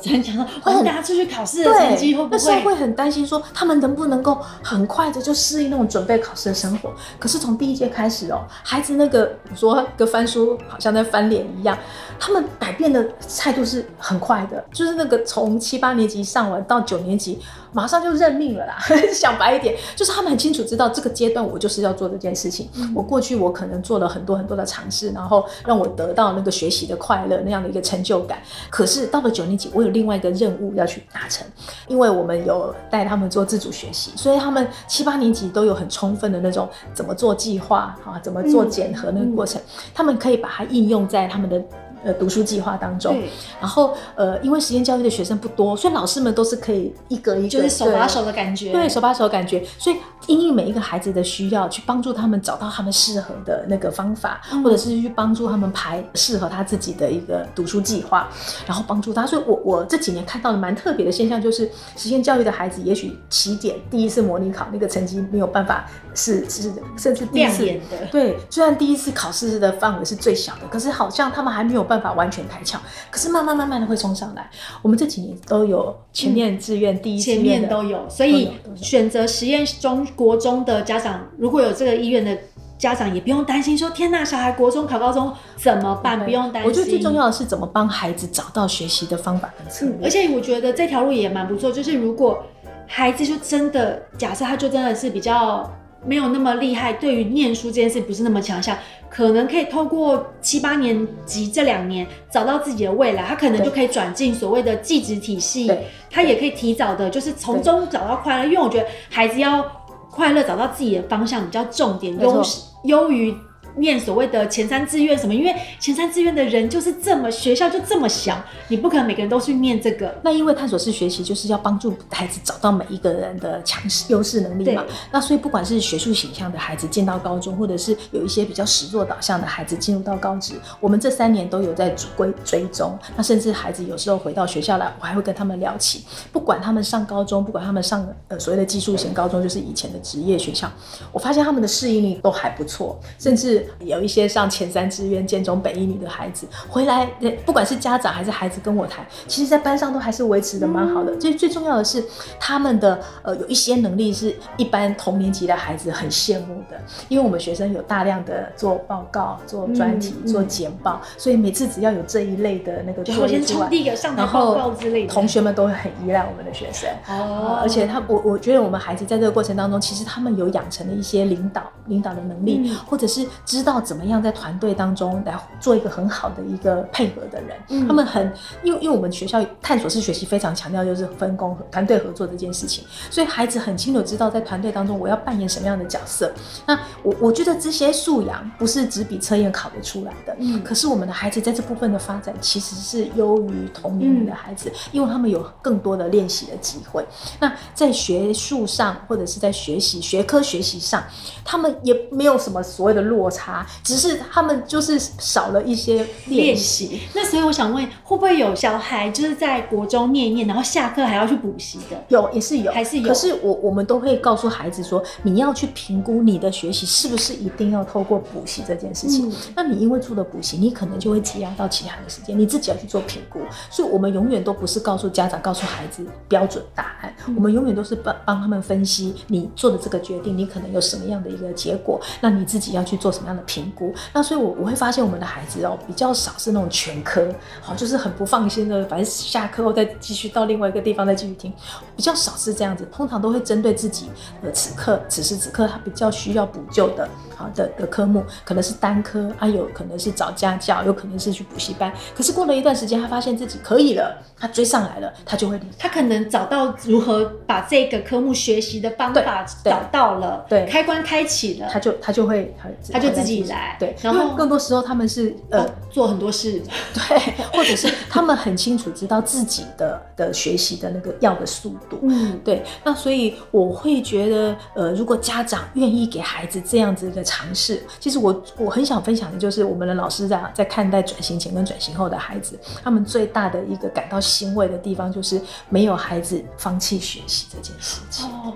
或者大家出去考試的成績會不會？那時候會很擔心說他們能不能夠很快的就適應那種準備考試的生活。可是從第一屆開始哦、喔，孩子那個我說跟翻書好像在翻臉一樣，他們改變的態度是很快的，就是那個從七八年級上完到九年級。馬上就認命了啦， 想白一點，就是他們很清楚知道這個階段，我就是要做這件事情。嗯、我過去我可能做了很多很多的嘗試，然後讓我得到那個學習的快樂那樣的一個成就感。可是到了九年級，我有另外一個任務要去達成，因為我們有帶他們做自主學習，所以他們七八年級都有很充分的那種怎麼做計劃啊，怎麼做檢核那個過程，嗯嗯、他們可以把它應用在他們的。呃，讀書計劃當中，嗯、然後呃，因為實驗教育的學生不多，所以老師們都是可以一個一個，就是手把手的感覺，對，手把手的感覺，所以因應每一個孩子的需要，去幫助他們找到他們適合的那個方法，嗯、或者是去幫助他們排適合他自己的一個讀書計劃，嗯、然後幫助他。所以我我這幾年看到的蠻特別的現象，就是實驗教育的孩子，也許起點第一次模擬考那個成績沒有辦法，是是，是甚至亮眼的，對，雖然第一次考試的範圍是最小的，可是好像他們還沒有辦。辦法完全開竅，可是慢慢慢慢的會衝上來。我們這幾年都有前面志願、嗯、第一次，前面都有，所以選擇實驗中國中的家長，如果有這個意願的家長，也不用擔心說，說天吶、啊，小孩國中考高中怎麼辦？嗯、不用擔心。我覺得最重要的是怎麼幫孩子找到學習的方法策略。嗯、而且我覺得這條路也蠻不錯，就是如果孩子就真的假設他就真的是比較。沒有那麼厲害，對於念書這件事不是那麼強項，可能可以透過七八年級這兩年找到自己的未來，他可能就可以轉進所謂的技職體系，他也可以提早的，就是從中找到快樂，對因為我覺得孩子要快樂，找到自己的方向比較重點，優優錯於。念所謂的前三志願什麼？因為前三志願的人就是這麼，學校就這麼小，你不可能每個人都去念這個。那因為探索式學習就是要幫助孩子找到每一個人的強勢優勢能力嘛。對那所以不管是學術性向的孩子進到高中，或者是有一些比較實作導向的孩子進入到高職，我們這三年都有在主追蹤。那甚至孩子有時候回到學校來，我還會跟他們聊起，不管他們上高中，不管他們上呃所謂的技術型高中，就是以前的職業學校，我發現他們的適應力都還不錯，甚至。有一些上前三志願、建中北一女的孩子回來，不管是家長還是孩子跟我談，其實，在班上都還是維持得蠻好的。最、嗯、最重要的是，他們的呃，有一些能力是一般同年級的孩子很羨慕的。因為我們學生有大量的做報告、做專題、嗯、做簡報，嗯、所以每次只要有這一類的那個，我先抽第一個上台報告之類的，同學們都會很依賴我們的學生。嗯哦、而且他，我我覺得我們孩子在這個過程當中，其實他們有養成了一些領導、領導的能力，嗯、或者是。知道怎麼樣在團隊當中來做一個很好的一個配合的人，嗯、他們很，因為因為我們學校探索式學習非常強調就是分工和團隊合作這件事情，所以孩子很清楚知道在團隊當中我要扮演什麼樣的角色。那我我覺得這些素養不是只比測驗考得出來的，嗯、可是我們的孩子在這部分的發展其實是優於同齡的孩子，嗯、因為他們有更多的練習的機會。那在學術上或者是在學習學科學習上，他們也沒有什麼所謂的落差。只是他們就是少了一些練習，那所以我想問，會不會有小孩就是在國中念念，然後下課還要去補習的？有，也是有，還是有。可是我我們都會告訴孩子說，你要去評估你的學習是不是一定要透過補習這件事情。嗯、那你因為做了補習，你可能就會擠壓到其他的時間，你自己要去做評估。所以我們永遠都不是告訴家長、告訴孩子標準答案，嗯、我們永遠都是幫幫他們分析你做的這個決定，你可能有什麼樣的一個結果，那你自己要去做什麼樣。評估，那所以我，我我會發現我們的孩子哦，比較少是那種全科，好，就是很不放心的，反正下課後再繼續到另外一個地方再繼續聽，比較少是這樣子，通常都會針對自己，呃，此刻，此時此刻他比較需要補救的。好的的科目，可能是單科，啊，有可能是找家教，有可能是去補習班。可是過了一段時間，他發現自己可以了，他追上來了，他就會，他可能找到如何把這個科目學習的方法找到了，對，開關開啟了，他就他就會，他，他就自己來。對，然後更多時候他們是呃、哦、做很多事， 對，或者是他們很清楚知道自己的的學習的那個要的速度，嗯，對。那所以我會覺得，呃，如果家長願意給孩子這樣子的。嘗試，其實我我很想分享的就是，我們的老師在在看待轉型前跟轉型後的孩子，他們最大的一個感到欣慰的地方，就是沒有孩子放棄學習這件事情。哦，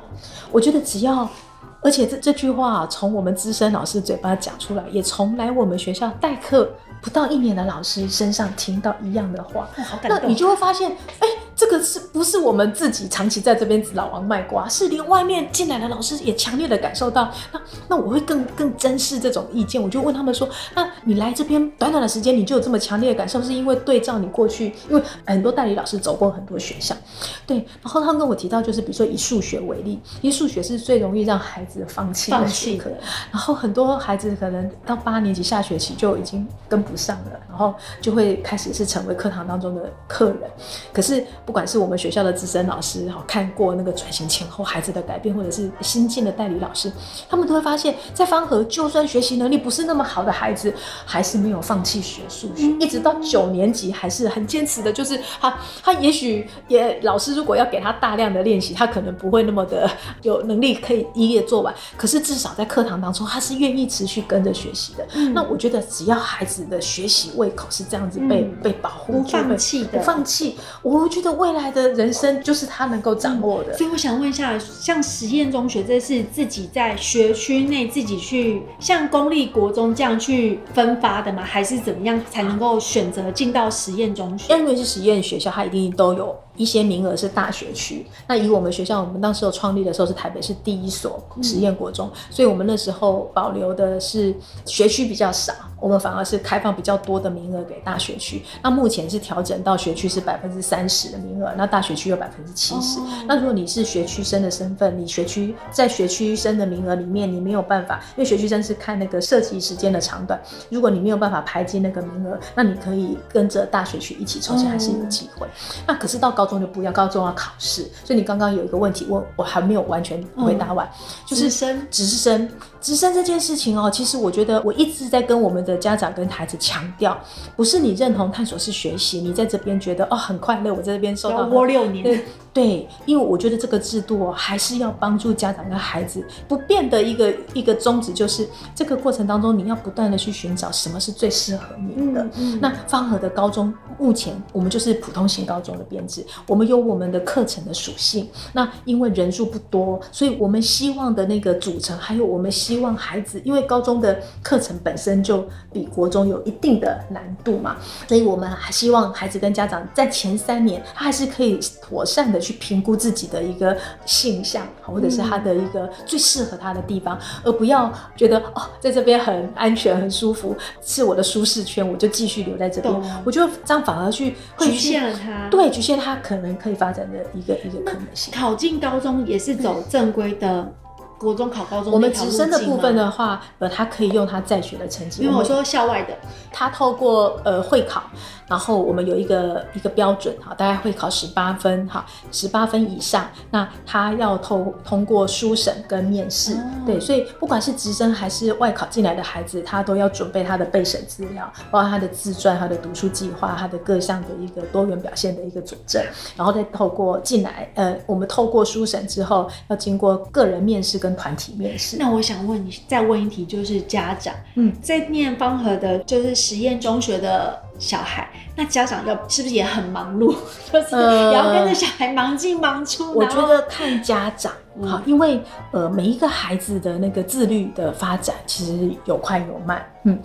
我覺得只要，而且這這句話從、啊、我們資深老師嘴巴講出來，也從來我們學校代課不到一年的老師身上聽到一樣的話，哦、那，你就會發現，哎、欸。這個是不是我們自己長期在這邊老王賣瓜？是連外面進來的老師也強烈的感受到。那那我會更更珍視這種意見。我就問他們說，那你來這邊短短的時間，你就有這麼強烈的感受，是因為對照你過去？因為很多代理老師走過很多學校，對。然後他跟我提到，就是比如說以數學為例，因為數學是最容易讓孩子放棄的學科。然後很多孩子可能到八年級下學期就已經跟不上了，然後就會開始是成為課堂當中的客人。可是。不管是我們學校的資深老師，好看過那個轉型前後孩子的改變，或者是新進的代理老師，他們都會發現，在芳和就算學習能力不是那麼好的孩子，還是沒有放棄學數學，嗯、一直到九年級還是很堅持的。就是他，他也許也老師如果要給他大量的練習，他可能不會那麼的有能力可以一夜做完。可是至少在課堂當中，他是願意持續跟着學習的。嗯、那我覺得，只要孩子的學習胃口是這樣子被、嗯、被保護不放棄的不放棄，我會覺得。未來的人生就是他能夠掌握的，所以我想問一下，像實驗中學，這是自己在學區內自己去，像公立國中這樣去分發的嗎？還是怎麼樣才能夠選擇進到實驗中學？因為是實驗學校，它一定都有。一些名額是大學區，那以我們學校，我們當時有創立的時候是台北市第一所實驗國中，所以我們那時候保留的是學區比較少，我們反而是開放比較多的名額給大學區。那目前是調整到學區是百分之三十的名額，那大學區有百分之七十。Oh. 那如果你是學區生的身份，你學區在學區生的名額裡面，你沒有辦法，因為學區生是看那個設籍時間的長短，如果你沒有辦法排進那個名額，那你可以跟着大學區一起抽籤，oh. 還是有機會。那可是到高。高中就不要，高中要考試，所以你剛剛有一個問題問，我還沒有完全回答完，嗯、就是生直，升直升，直升這件事情哦，其實我覺得我一直在跟我們的家長跟孩子強調，不是你認同探索式學習，你在這邊覺得哦很快樂，我在這邊受到，六年， 對，因為我覺得這個制度、哦、還是要幫助家長跟孩子不變的一個一個宗旨，就是這個過程當中你要不斷的去尋找什麼是最適合你的。嗯嗯、那芳和的高中目前我們就是普通型高中的編制，我們有我們的課程的屬性。那因為人數不多，所以我們希望的那個組成，還有我們希望孩子，因為高中的課程本身就比國中有一定的難度嘛，所以我們還希望孩子跟家長在前三年，他還是可以妥善的。去評估自己的一個性向，或者是他的一個最適合他的地方，嗯、而不要覺得哦，在這邊很安全、嗯、很舒服，是我的舒適圈，我就繼續留在這邊。嗯、我就這樣反而去會侷限了他，對，侷限他可能可以發展的一個一個可能性。考進高中也是走正規的。嗯國中考高中，我們直升的部分的話，呃，他可以用他在學的成績。因為我說校外的，他透過呃會考，然後我們有一個一個標準，哈，大概會考十八分，哈，十八分以上，那他要透通過書審跟面試，哦、對，所以不管是直升還是外考進來的孩子，他都要準備他的備審資料，包括他的自傳、他的讀書計劃、他的各項的一個多元表現的一個佐證，然後再透過進來，呃，我們透過書審之後，要經過個人面試跟。跟團體面試，那我想問你，再問一題，就是家長，嗯，在念芳和的，就是實驗中學的小孩，那家長要是不是也很忙碌，呃、就是也要跟着小孩忙進忙出？我覺得看家長，嗯、好，因為呃，每一個孩子的那個自律的發展，其實有快有慢，嗯。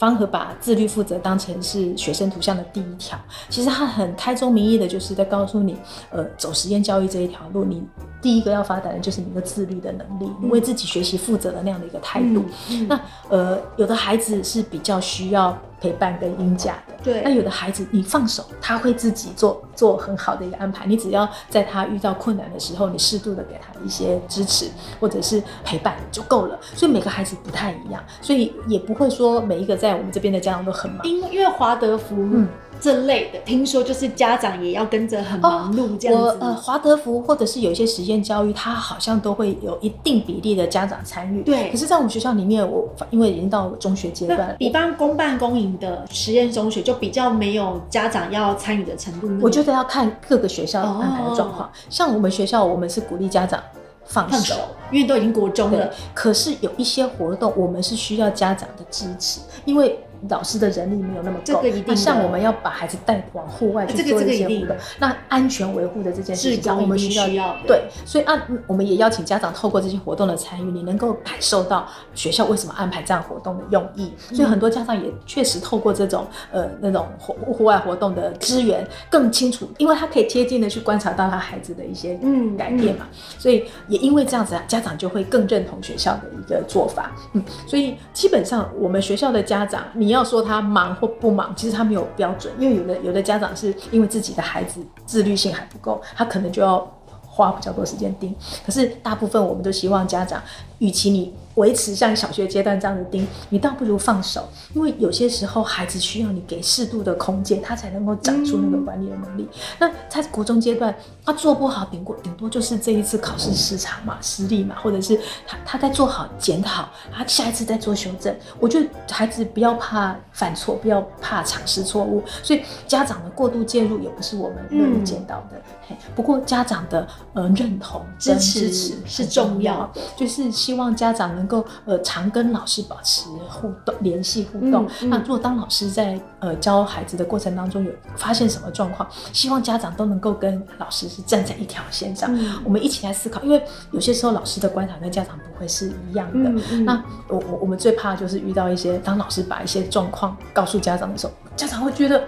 芳和把自律負責當成是學生圖像的第一條，其實他很開宗明義的，就是在告訴你，呃，走實驗教育這一條路，你第一個要發展的就是你的自律的能力，為自己學習負責的那樣的一個態度。嗯嗯、那呃，有的孩子是比較需要。陪伴跟引導的，對。那有的孩子，你放手，他會自己做做很好的一個安排。你只要在他遇到困難的時候，你適度的給他一些支持或者是陪伴就夠了。所以每個孩子不太一樣，所以也不會說每一個在我們這邊的家長都很忙。因因為華德福，嗯。這類的，聽說就是家長也要跟着很忙碌這樣子。哦、呃，華德福或者是有一些實驗教育，它好像都會有一定比例的家長參與。對。可是，在我們學校裡面，我因為已經到了中學階段，那我比方公辦公營的實驗中學，就比較沒有家長要參與的程度。我覺得要看各個學校安排的狀況。哦、像我們學校，我們是鼓勵家長放手，因為都已經國中了。可是有一些活動，我們是需要家長的支持，嗯、因為。老師的人力沒有那麼夠，啊、這個、一定像我們要把孩子帶往戶外去做一些、啊、這些活動，這個、那安全維護的這件事情，我們需要對，所以按、啊、我們也邀請家長透過這些活動的參與，你能夠感受到學校為什麼安排這樣活動的用意。所以很多家長也確實透過這種呃那種戶戶外活動的資源，更清楚，因為他可以貼近的去觀察到他孩子的一些嗯改變嘛，所以也因為這樣子，啊，家長就會更認同學校的一個做法。嗯，所以基本上我們學校的家長，你。你要說他忙或不忙，其實他沒有標準，因為有的有的家長是因為自己的孩子自律性還不夠，他可能就要花比較多時間盯。可是大部分我們都希望家長。與其你維持像小學階段這樣的盯，你倒不如放手，因為有些時候孩子需要你給適度的空間，他才能夠長出那個管理的能力。嗯、那他國中階段，他做不好，頂多頂多就是這一次考試失常嘛、嗯、失利嘛，或者是他他在做好檢討，他下一次再做修正。我覺得孩子不要怕犯錯，不要怕嘗試錯誤，所以家長的過度介入也不是我們能夠見到的。嗯、不過家長的呃認同支持，支持是重要，重要就是。希望家長能夠呃常跟老師保持互動、聯繫互動。嗯嗯、那如果當老師在呃教孩子的過程當中有發現什麼狀況，希望家長都能夠跟老師是站在一條線上，嗯、我們一起來思考。因為有些時候老師的觀察跟家長不會是一樣的。嗯嗯、那我我我們最怕就是遇到一些當老師把一些狀況告訴家長的時候，家長會覺得。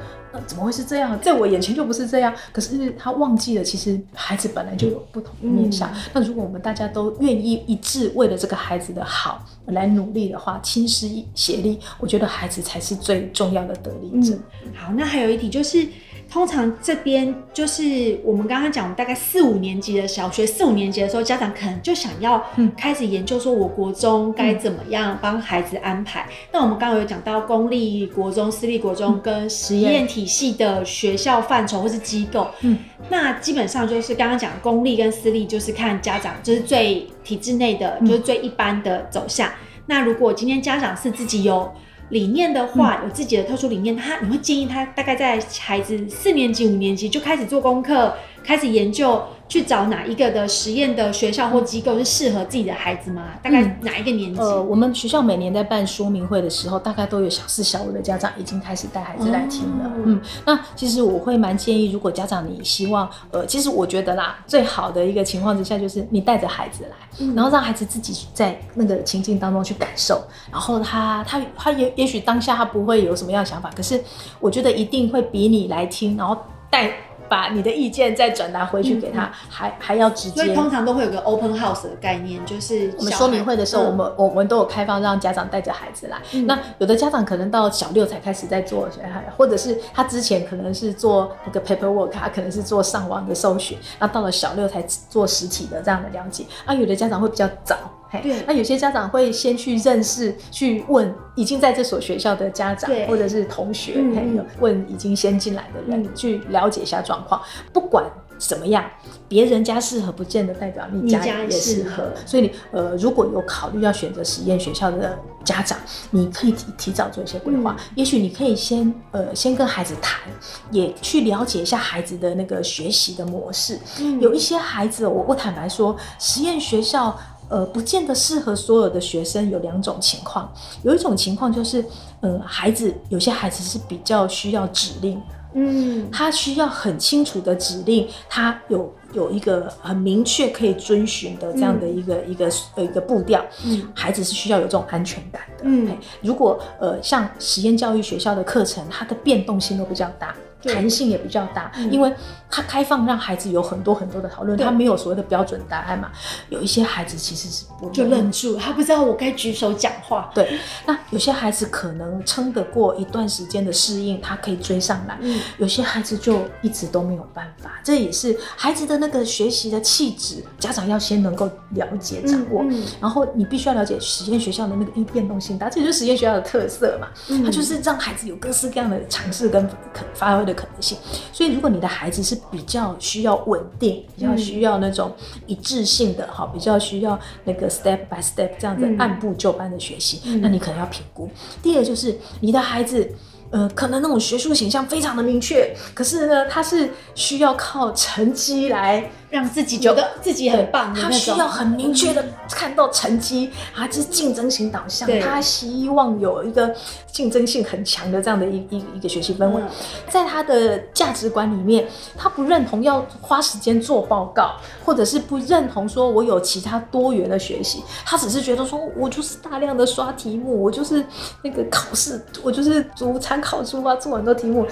怎麼會是這樣？在我眼前就不是這樣。可是他忘記了，其實孩子本來就有不同的面向。那、嗯、如果我們大家都願意一致為了這個孩子的好來努力的話，親師協力，我覺得孩子才是最重要的得力者。嗯、好，那還有一題就是。通常這邊就是我們剛剛講，我們大概四五年級的小學四五年級的時候，家長可能就想要開始研究說，我國中該怎麼樣幫孩子安排。那、嗯、我們剛剛有講到公立國中、私立國中跟實驗體系的學校範疇或是機構，嗯、那基本上就是剛剛講公立跟私立，就是看家長，就是最體制內的，嗯、就是最一般的走向。那如果今天家長是自己有。理念的話，有自己的特殊理念。他，你會建議他大概在孩子四年級、五年級就開始做功課，開始研究。去找哪一個的實驗的學校或機構是適合自己的孩子嗎？嗯、大概哪一個年級？呃，我們學校每年在辦說明會的時候，大概都有小四、小五的家長已經開始帶孩子來聽了。嗯，嗯，嗯，那其實我會蠻建議，如果家長你希望，呃，其實我覺得啦，最好的一個情況之下就是你帶着孩子來，嗯、然後讓孩子自己在那個情境當中去感受，然後他他他也他也許當下他不會有什麼樣的想法，可是我覺得一定會比你來聽，然後帶。把你的意見再轉達回去給他，嗯、還還要直接。所以通常都會有個 open house 的概念，就是我們說明會的時候，我們、嗯、我們都有開放讓家長帶着孩子來。嗯、那有的家長可能到小六才開始在做，嗯、或者是他之前可能是做那個 paperwork，他可能是做上網的搜尋，那到了小六才做實體的這樣的了解。啊，有的家長會比較早。對那有些家長會先去認識，去問已經在這所學校的家長對或者是同學朋友、嗯，問已經先進來的人，嗯、去了解一下狀況。不管怎麼樣，別人家適合，不見得代表你家也適合。適合所以你呃，如果有考慮要選擇實驗學校的家長，你可以提早做一些規劃。嗯、也許你可以先呃，先跟孩子談，也去了解一下孩子的那個學習的模式。嗯、有一些孩子，我我坦白說，實驗學校。呃，不見得適合所有的學生。有兩種情況，有一種情況就是，嗯、呃，孩子有些孩子是比較需要指令的，嗯，他需要很清楚的指令，他有有一個很明確可以遵循的這樣的一個、嗯、一個一個步調，嗯、孩子是需要有這種安全感的。嗯、如果呃像實驗教育學校的課程，它的變動性都比較大，對彈性也比較大，嗯、因為。他開放讓孩子有很多很多的討論，他對沒有所謂的標準答案嘛。有一些孩子其實是不就愣住，他不知道我該舉手講話。對，那有些孩子可能撐得過一段時間的適應，他可以追上來。嗯，有些孩子就一直都沒有辦法，對這也是孩子的那個學習的氣質，家長要先能夠了解掌握。嗯嗯、然後你必須要了解實驗學校的那個易變動性，它這就是實驗學校的特色嘛。嗯，它就是讓孩子有各式各樣的嘗試跟可發揮的可能性。所以如果你的孩子是。比較需要穩定，比較需要那種一致性的好，嗯、比較需要那個 step by step 這樣子按部就班的學習。嗯、那你可能要評估。嗯、第二就是你的孩子，呃，可能那種學術形象非常的明確，可是呢，他是需要靠成績來。讓自己覺得自己很棒的那種，他需要很明確的看到成績，啊、嗯，這是競爭型導向，對他希望有一個競爭性很強的這樣的一一一個學習氛圍，嗯、在他的價值觀裡面，他不認同要花時間做報告，或者是不認同說我有其他多元的學習，他只是覺得說我就是大量的刷題目，我就是那個考試，我就是讀參考書啊，做很多題目，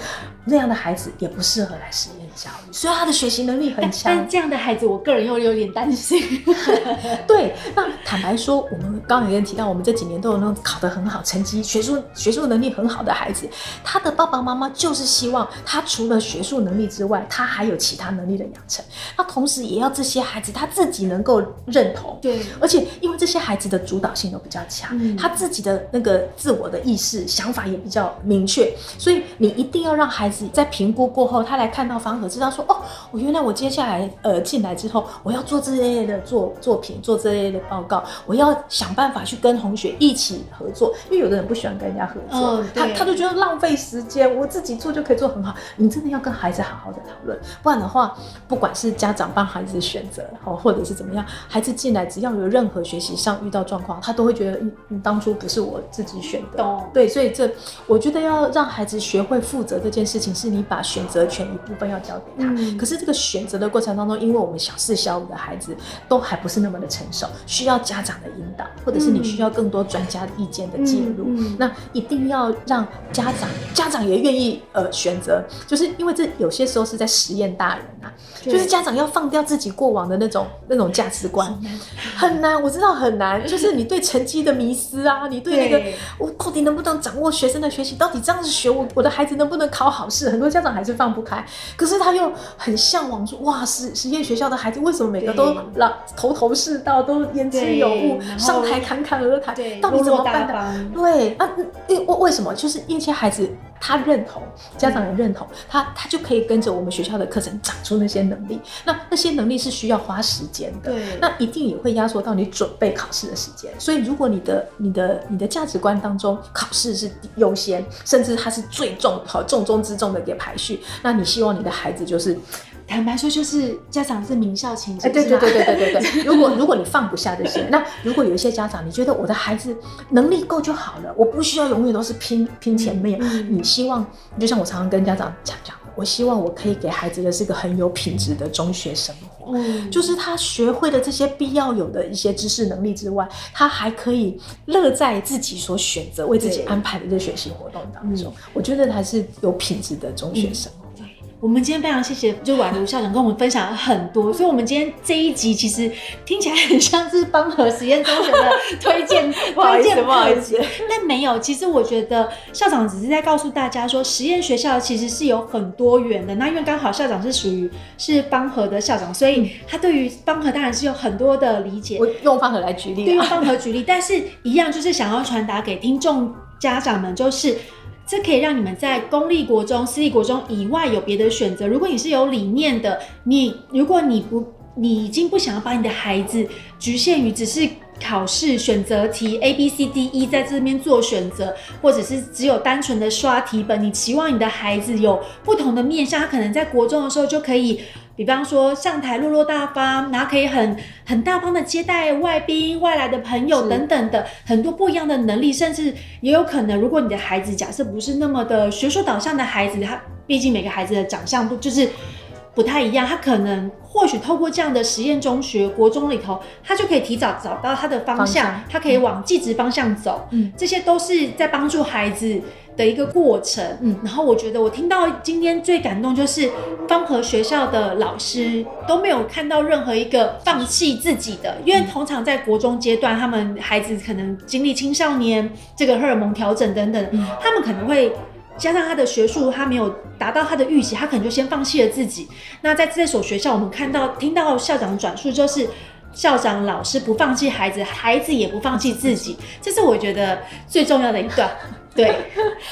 那樣的孩子也不適合來實驗教育，所以他的學習能力很強，但這樣。那孩子，我個人又有點擔心。 對，那坦白說，我們剛有人提到，我們這幾年都有那種考得很好成、成績學術學術能力很好的孩子，他的爸爸媽媽就是希望他除了學術能力之外，他還有其他能力的養成。那同時也要這些孩子他自己能夠認同。對，而且因為這些孩子的主導性都比較強，嗯、他自己的那個自我的意識、想法也比較明確，所以你一定要讓孩子在評估過後，他來看到芳和知道說哦，我原來我接下來呃。進來之後，我要做這類的作作品，做這類的報告，我要想辦法去跟同學一起合作。因為有的人不喜歡跟人家合作，呃、他他就覺得浪費時間，我自己做就可以做很好。你真的要跟孩子好好的討論，不然的話，不管是家長幫孩子選擇，哦，或者是怎麼樣，孩子進來只要有任何學習上遇到狀況，他都會覺得、嗯嗯、當初不是我自己選的。哦、對，所以這我覺得要讓孩子學會負責這件事情，是你把選擇權一部分要交給他。嗯、可是這個選擇的過程當中，因因為我們小四小五的孩子都還不是那麼的成熟，需要家長的引導，或者是你需要更多專家的意見的介入。嗯、那一定要讓家長，家長也願意呃選擇，就是因為這有些時候是在實驗大人啊，對 就是家長要放掉自己過往的那種那種價值觀，對 很難，我知道很難。 就是你對成績的迷思啊，你對那個對我到底能不能掌握學生的學習，到底這樣子學，我我的孩子能不能考好試？很多家長還是放不開，可是他又很向往說，哇，是實驗。學校的孩子為什麼每個都老對頭頭是道，都言之有物，上台侃侃而談？對到底怎麼辦呢？對啊，因為為什麼就是一些孩子他認同，家長也認同、嗯、他，他就可以跟着我們學校的課程長出那些能力。嗯、那那些能力是需要花時間的，對那一定也會壓縮到你準備考試的時間。所以，如果你的你的你的價值觀當中考試是優先，甚至它是最重好重中之重的給排序，那你希望你的孩子就是。坦白說，就是家長是名校情結。對對對對對對對。 如果如果你放不下這些， 那如果有一些家長，你覺得我的孩子能力夠就好了，我不需要永遠都是拼拼前面。嗯、你希望，嗯、就像我常常跟家長講講，我希望我可以給孩子的是一個很有品質的中學生活。嗯、就是他學會了這些必要有的一些知識能力之外，他還可以樂在自己所選擇為自己安排的這學習活動當中。嗯、我覺得他是有品質的中學生活。嗯我們今天非常謝謝，就琬茹校長跟我們分享了很多，所以，我們今天這一集其實聽起來很像是芳和實驗中學的推薦，推薦課。不不好意思。但沒有，其實我覺得校長只是在告訴大家說，實驗學校其實是有很多元的。那因為剛好校長是屬於是芳和的校長，所以他對於芳和當然是有很多的理解。我用芳和來舉例，啊。對，用芳和舉例，但是一樣就是想要傳達給聽眾家長們，就是。這可以讓你們在公立國中、私立國中以外有別的選擇。如果你是有理念的，你如果你不，你已經不想要把你的孩子侷限於只是考試選擇題 A、B、C、D、E 在這邊做選擇，或者是只有單純的刷題本，你期望你的孩子有不同的面向，他可能在國中的時候就可以。比方說上台落落大方，然後可以很很大方的接待外賓、外來的朋友等等的，是很多不一樣的能力，甚至也有可能，如果你的孩子假設不是那麼的學術導向的孩子，他畢竟每個孩子的長相不就是不太一樣，他可能或許透過這樣的實驗中學、國中裡頭，他就可以提早找到他的方向，方向他可以往技職方向走，嗯，這些都是在幫助孩子。的一個過程，嗯，然後我覺得我聽到今天最感動，就是芳和學校的老師都沒有看到任何一個放棄自己的，嗯、因為通常在國中階段，他們孩子可能經歷青少年這個荷爾蒙調整等等，嗯、他們可能會加上他的學術，他沒有達到他的預期，他可能就先放棄了自己。那在這所學校，我們看到聽到校長的轉述，就是校長老師不放棄孩子，孩子也不放棄自己，嗯、這是我覺得最重要的一段。嗯對，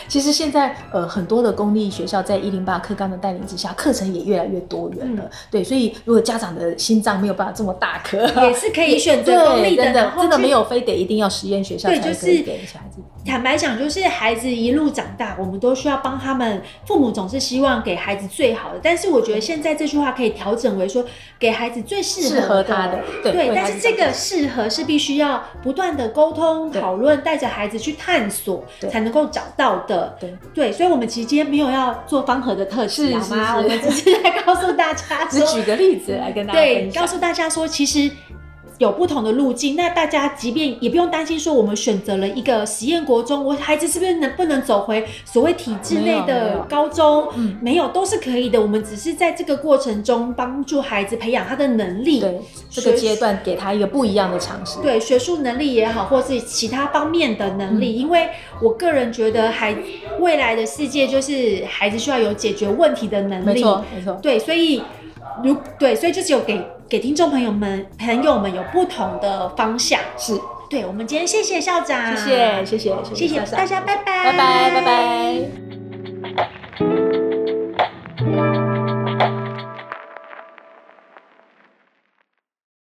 其實現在呃，很多的公立學校在一零八課綱的帶領之下，課程也越來越多元了。嗯、對，所以如果家長的心臟沒有辦法這麼大顆，也是可以選擇公立的，真的真的沒有非得一定要實驗學校才可以給小孩子。坦白講，就是孩子一路長大，我們都需要幫他們。父母總是希望給孩子最好的，但是我覺得現在這句話可以調整為說，給孩子最適合，合他的。對，對，但是這個適合是必須要不斷的溝通討論，帶着對孩子去探索，對才能夠找到的。對，對，所以，我們其實今天沒有要做芳和的特輯，是，是好嗎？我們對只是來告訴大家，只 舉個例子來跟大家對，告訴大家說，其實。有不同的路徑，那大家即便也不用擔心說我們選擇了一個實驗國中，我孩子是不是能不能走回所謂體制內的高中？沒有，都是可以的。我們只是在這個過程中幫助孩子培養他的能力，對，學，這個階段給他一個不一樣的嘗試。對，學術能力也好，或是其他方面的能力，嗯，因為我個人覺得還，還未來的世界就是孩子需要有解決問題的能力。沒錯，沒錯。對，所以。如對，所以就只有給給聽眾朋友們朋友們有不同的方向，是，對，我們今天謝謝校長，謝謝謝謝謝謝謝謝校長，大家拜拜，拜拜拜拜。拜拜拜拜。